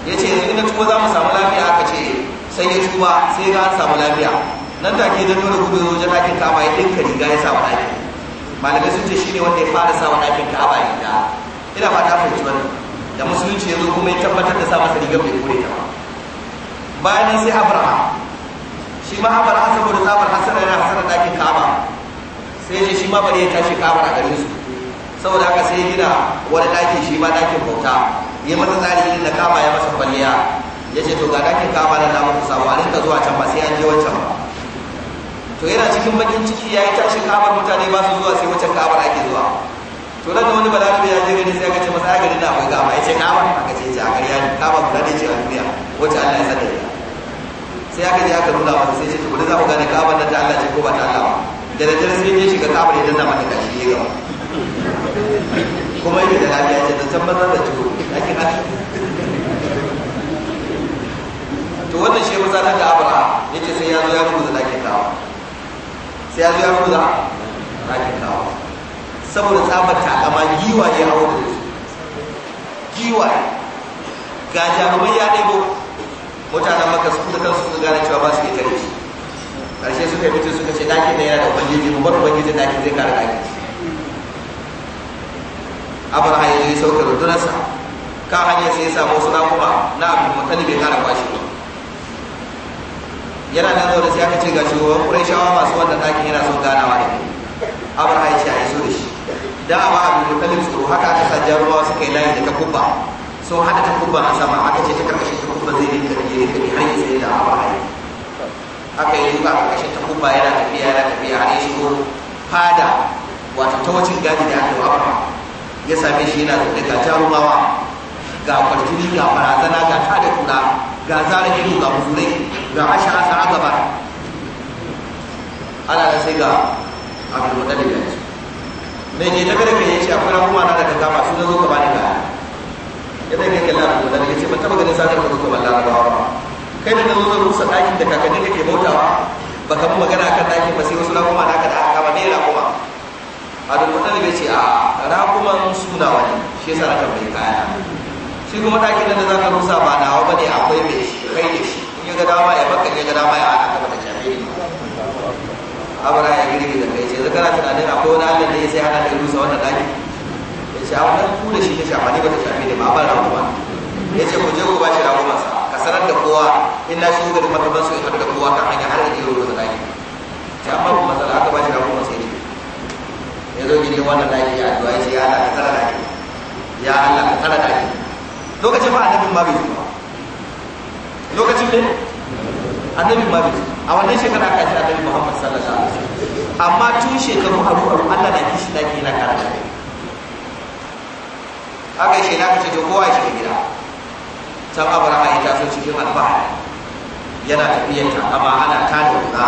ya ce yanzu na tuba za mu samu lafiya aka ce sai ya tuba sai ga an samu lafiya nan da ke dan dole gobe wajen ɗakin ka'aba ya ɗinka riga ya sa wa ɗakin malamai sun ce shi ne wanda ya fara sa wa ɗakin ya riga ina ta fahimci wannan da musulunci ya zo kuma ya tabbatar da sa masa rigar bai kore ta ba bayan nan sai abraham shi ma abraham saboda zabar hasara yana hasara ɗakin kama. sai ce shi ma bari ya tashi ka'aba a garin su saboda haka sai gina wani ɗakin shi ma ɗakin bauta ya masa tsari irin na kama ya masa kwalliya ya ce to ga ɗakin kama na namun ku samu a ka zuwa can ba sai an je wancan ba to yana cikin bakin ciki ya yi tashin kamar mutane ba su zuwa sai wacce kamar ake zuwa to nan da wani balarabe ya jere ne sai aka ce masa aka na akwai kama ya ce kama aka ce ce a ƙarya ne kamar ba zai ce a duniya wacce Allah ya sanda ya sai aka je aka nuna masa sai ce to za ku gane kamar da ta Allah ce ko ba ta Allah ba da da dare sai ya shiga kamar ya danna mata kashi ya gaba kuma yake da lafiya ce da tabbatar da ciwo ake hada to wannan shi ya maza ta ga yake yace sai ya zo ya rubuta lakin tawa sai ya zo ya kuza rakin kawo saboda tsabar takama giwa ne a wurin giwa ga jarumai ya ɗebo mutanen maka su da kansu su gane cewa ba su iya kare shi ƙarshe suka yi mutum suka ce ɗakin na yana da ubangiji mu bar ubangiji ɗakin zai kare ɗakin abraha ya yi sauka rundunarsa kan hanyar sai ya samu suna kuma na abin mutane bai kara kwashe ba yana nan da sai aka ce ga kurai shawa masu wanda ɗakin yana son ganawa da ni abar shi a so da shi da ba abu kalin tsoro haka aka sa jarumawa suka yi layi daga takubba sun haɗa kubba a sama aka ce ta karkashin kubba zai yi karfi da karfi har yi tsaye da abar aisha aka yi duka a ta kubba yana tafiya yana tafiya a yi shigo fada wato ta wacin gadi da aka yi ya same shi yana zaune ga jarumawa ga kwarjini ga barazana ga ta da kura ga zara ido ga musulai ga ashara sa gaba ana da sai ga abin wadanda ya ce mai ne daga daga yace akwai ramuwa na daga kama su zo ka bani kaya yadda kai kalla da wadda yace ban taba ganin sadar ka zo ba larabawa ba kai da zo zan rusa ɗakin da kakanni kake bautawa ka mu magana kan ɗakin ba sai wasu ramuwa na ka da aka kama naira kuma duk wadda ya ce a rakuman suna wani shi yasa na kan kaya shi kuma ɗakin da za ka rusa ba na ba akwai mai shi kai da shi in ya ga dama ya baka ya ga dama ya ana ka da jami'i abara ya girgi da kai ce zaka na tunanin akwai wani allah da ya sai hana kai rusa wannan daki ya ce a wannan kuda shi ta shafa ni ba ta shafi ne ba ba raguma ya ce ku je ku ba shi masa ka sanar da kowa in na shigo garin matabar su in haɗu da kowa kan hanya har da jiyo rusa ɗakin sai an babu matsala aka ba shi ragumansa ya ce ya zo gidan wannan ɗakin ya addu'a ya ce ya Allah ka tsara daji ya Allah ka tsara daji. lokacin ba annabin ma bai zuwa lokacin ne annabin ma bai a wannan shekara aka ji annabi Muhammad sallallahu alaihi wasallam amma tun shekaru aru aru Allah na kishi da kina na kare shi aka yi shela ka ce to kowa shi gida san Abraha ya taso cikin alfahari yana tafiya ta amma ana tada ruza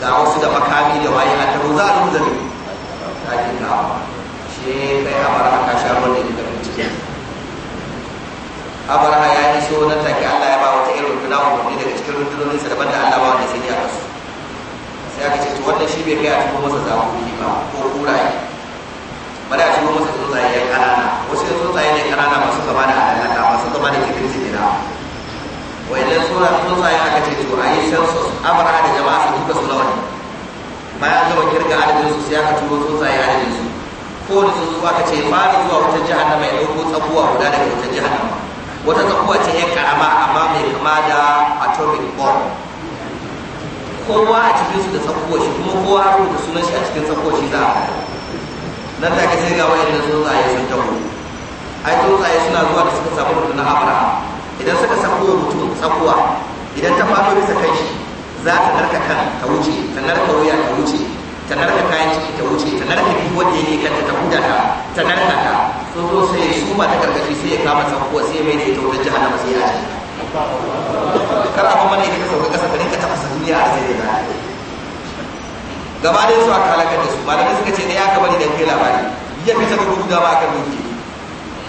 ga wasu da makami da waye a taro za a ruza ne ta ke kawo shi kai Abraha ka sha ruwan da abarha ya yi so na take Allah ya ba wata irin runduna umarni daga cikin sa daban da Allah ba wanda sai ya kasu sai aka ce to wannan shi bai kai a cikin masa zakoki ba ko kuraye bari a cikin masa tsuntsaye ya kanana wasu ya tsuntsaye ne kanana masu zama da alalaka masu zama da jikin Wai wayannan sura tsuntsaye aka ce to a yi census abarha da jama'a su duka su nawa ne bayan gama kirga adadin su sai aka turo tsuntsaye adadin su kowane tsuntsu aka ce ni zuwa wutar jihannama ya ɗauko tsakuwa guda daga wutar jihannama wata tsakuwa ce ya karama amma mai kama da atomic bomb kowa a cikin su da tsakuwa kuma kowa har da sunan shi a cikin tsakuwa za a nan take sai ga wayannan tsuntsaye sun taho ai tsuntsaye suna zuwa da suka samu mutum na abraham idan suka sako mutum tsakuwa idan ta faɗo bisa kai shi za ta narka kan ta wuce ta narka wuya ta wuce ta narka kayan ciki ta wuce ta narka biyu wanda ya kanta ta huda ta ta narka ta so so sai su ba ta karkashi sai ya kama sankuwa sai mai da ita wajen jihar sai ya ajiye kar a mana ita ta sauka kasa ka rinka tafasa duniya a zai da gaba ɗaya su a halakar da su malamai suka ce ɗaya ya bari da kai labari ya fita da ba a akan doki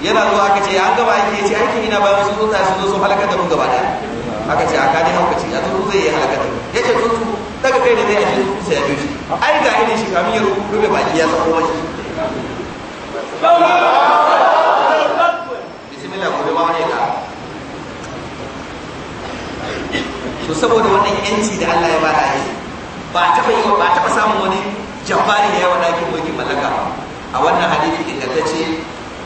yana zuwa aka ce an gaba ake ce aiki ina bayan sun zo ta sun zo sun halakar da mu gaba ɗaya aka ce a kadi haukaci a zuwa zai yi halakar da mu ya ce su daga kai ne zai a cikin sai ya doshi ai ga irin shi kamin ya rufe baki ya sako mashi bismillah ko da wani ka to saboda wannan yanci da Allah ya ba da yi ba taba yi ba taba samu wani jabari da yawa dakin mulkin malaka a wannan hadisi ingantacce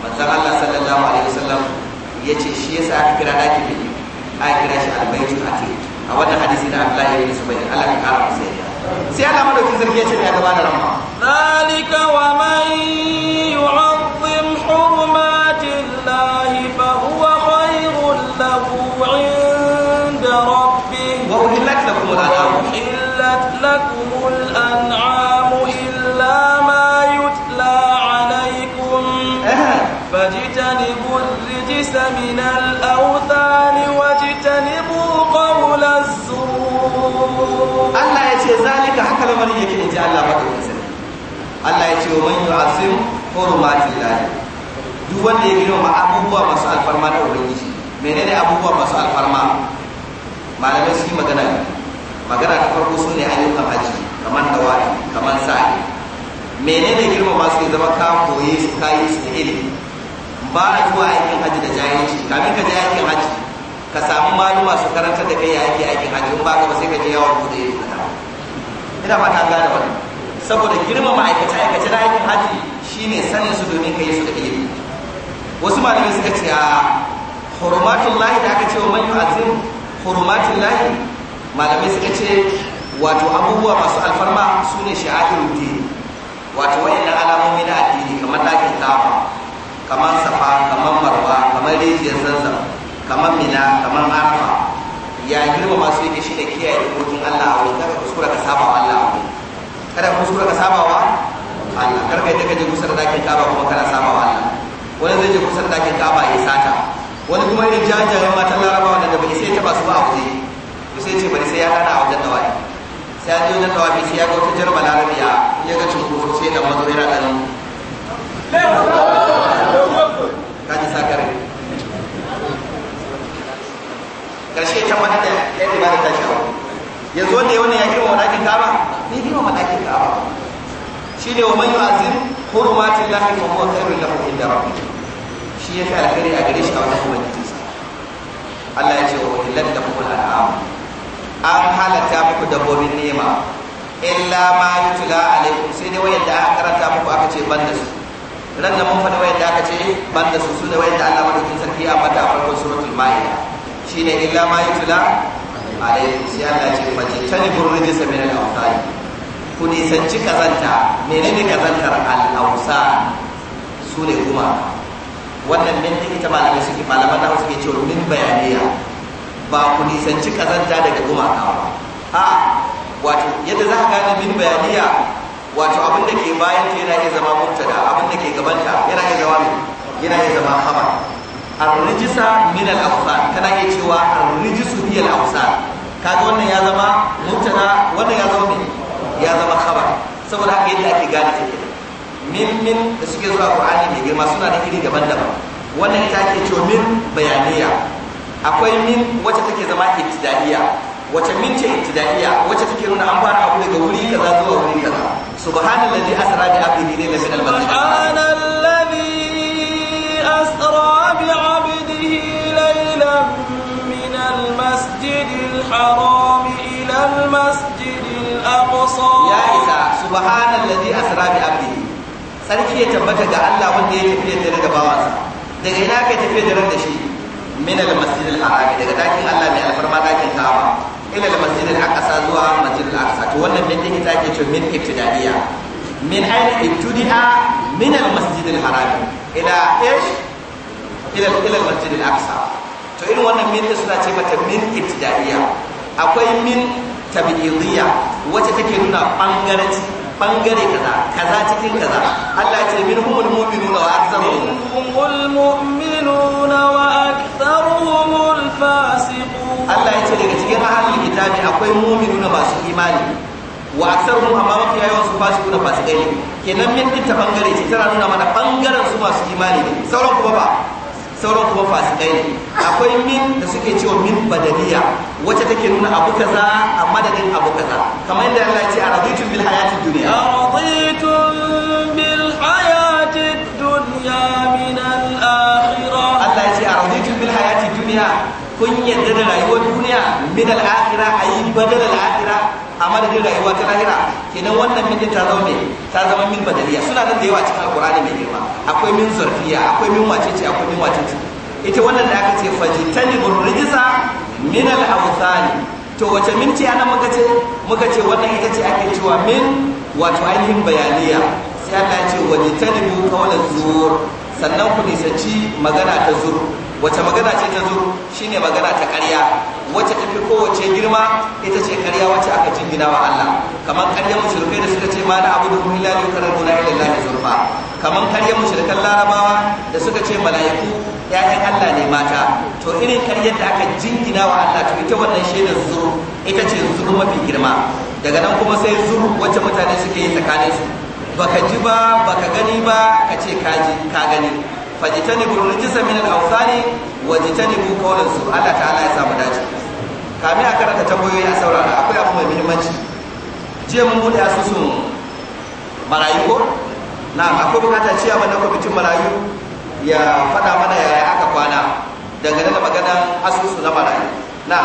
manzon Allah sallallahu alaihi wasallam yace shi yasa aka kira dakin mulki aka kira shi albaitu atiq a hadisi na Abdullahi ibn Zubair Allah ya kara masa yarda sai Allah madaukin sarki ya ce ya gaba da ramma zalika wa man yu'azzim hurumati Allah fa huwa khairul lahu 'inda wa uhillat lakum al-anam uhillat lakum Allah ya ce zalika haka lamarin yake in ji Allah ka sarki Allah ya ce wa man yu'azzim hurumatillah duk wanda ya girma abubuwa masu alfarma da ubangiji menene abubuwa masu alfarma malamai su yi magana magana ta farko su ne ayyukan haji kamar dawaki kamar sa'i menene girma masu ya zama ka koye su kayi su ilimi ba a zuwa aikin haji da jahilci kamin ka je aikin haji ka samu maluma su karanta da kai ya ake aikin hajji ba ka ba sai ka je yawon bude ido ina ba ka gane wani saboda ma'aikata ya aikace na aikin hajji shine sanin su domin kai su da ilimi wasu malamai suka ce a lahi da aka ce wa azim yu'azzim hurmatullahi malamai suka ce wato abubuwa masu alfarma su ne sha'a'irun dini wato wayannan alamomi na addini kamar ɗakin kaba kamar safa kamar marwa kamar rijiyar zanzan kamar mina kamar arafa ya girma masu yake shi da kiyaye dokokin Allah a wurin ka kuskura ka saba wa Allah kada ka kuskura ka saba wa Allah kar ka yadda ka je kusa da dakin kaba kuma kana saba wa Allah wani zai je kusa da dakin kaba ya sata wani kuma irin jajayen matan larabawa da bai sai ta taba su ba a waje ba sai ce bari sai ya hana a wajen wani sai ya je wajen dawaki sai ya ga wata jarba larabiya ya ga cin kusa sai da mazo yana ɗan karshe can wani da ya ba da tashi hawa yanzu wanda ya wannan ya girma madakin kaba ne girma madakin kaba shi ne wa man yu'azzim hurumatin lahi fa huwa khairun lahu inda rabbih shi ya fi alheri a gare shi a wajen ubangijinsa Allah ya ce wa illan da kuma al'am an halatta muku dabbobin nema illa ma yutula alaikum sai dai wayanda aka karanta muku aka ce ban da su ran da mun faɗi wayanda aka ce ban da su su da wayanda Allah madaukin sarki ya bada a farkon suratul ma'ida shine illa ma yutla alaihi sai Allah ce fajitani burrijisa min al-awsan ku nisanci kazanta menene kazantar al-awsan su ne kuma wannan min din ita malamai suke malaman da suke cewa min bayaniya ba ku nisanci kazanta daga gumaka ba Ha, wato yadda za ka gane min bayaniya wato abin da ke bayan ta yana iya zama mutada abin da ke gabanta yana iya zama yana iya zama khabar ar-rijsa min al-awsan kana iya cewa ar-rijsu fi al-awsan kaga wannan ya zama mubtada wannan ya zama ya zama khabar saboda haka yadda ake gane ta kenan min min da suke zuwa qur'ani mai girma suna da iri daban-daban wannan ita ake cewa min bayaniya akwai min wacce take zama ibtidaiya wacce min ce ibtidaiya wacce take nuna an fara abu daga wuri kaza zuwa wuri kaza subhanallazi asra bi abdihi laylan min al-masjid المسجد الحرام إلى المسجد الأقصى يا إسا سبحان الذي أسرى بأبده sarki ya tabbata ga Allah wanda ya tafi da daga bawansa daga ina kai ran da shi min al daga dakin Allah mai alfarma dakin Ka'aba ila al masjid al aqsa zuwa masjid al aqsa to wannan min min ila المسجد to irin wannan min din suna ce mata min ibtidaiya akwai min tabi'idiyya wacce take nuna bangaranci bangare kaza kaza cikin kaza Allah ya ce humul mu'minuna wa aktsaruhum minhumul mu'minuna wa aktsaruhumul fasiqun Allah ya ce daga cikin ahlul kitabi akwai mu'minuna masu imani wa aktsaruhum amma mafi yawan su fasiquna fasikai ne kenan min din ta bangare ce tana nuna mana bangaren su masu imani ne sauran kuma ba sauran kuma fasikai ne akwai min da suke cewa min badaliya wacce take nuna abu kaza a madadin abu kaza kamar yadda Allah ya ce a bil hayatid dunya raditu bil hayatid dunya min al akhirah Allah ya ce bil hayatid dunya kun yadda da rayuwar duniya min al akhirah ayi badal al akhirah a da rayuwa ta lahira kenan wannan mintin ta zama mai ta zama min badaliya suna nan da yawa cikin alkur'ani mai girma akwai min zarfiya akwai min wacece akwai min wacece ita wannan da aka ce fajitani burrijisa min al-awthani to wace minti ana muka ce muka ce wannan ita ce ake cewa min wato ainihin bayaniya sai Allah ya ce tani bu qawla zur sannan ku ci magana ta zur wace magana ce ta zo shine magana ta karya Wace ta fi kowace girma ita ce ƙarya wace aka jingina wa Allah kamar karyar musulmai da suka ce ma na abu da kuma lillahi karar guna zurfa kamar karyar mushrikan larabawa da suka ce mala'iku ya'yan Allah ne mata to irin karyar da aka jingina wa Allah to ita wannan shaidar zuru ita ce zuru mafi girma daga nan kuma sai zuru wacce mutane suke yi tsakanin? su baka ji ba baka gani ba ka ce ka gani fajitanibu rijisa min al-awsani bu qawlan su Allah ta'ala ya samu dace kame a raka tambayoyi a saurara akwai abu mai muhimmanci jiya mun bude asusun marayu ko na akwai bukata a mana kwamitin marayu ya faɗa mana yaya aka kwana dangane da maganar asusu na marayu na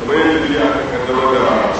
kamar yadda ya da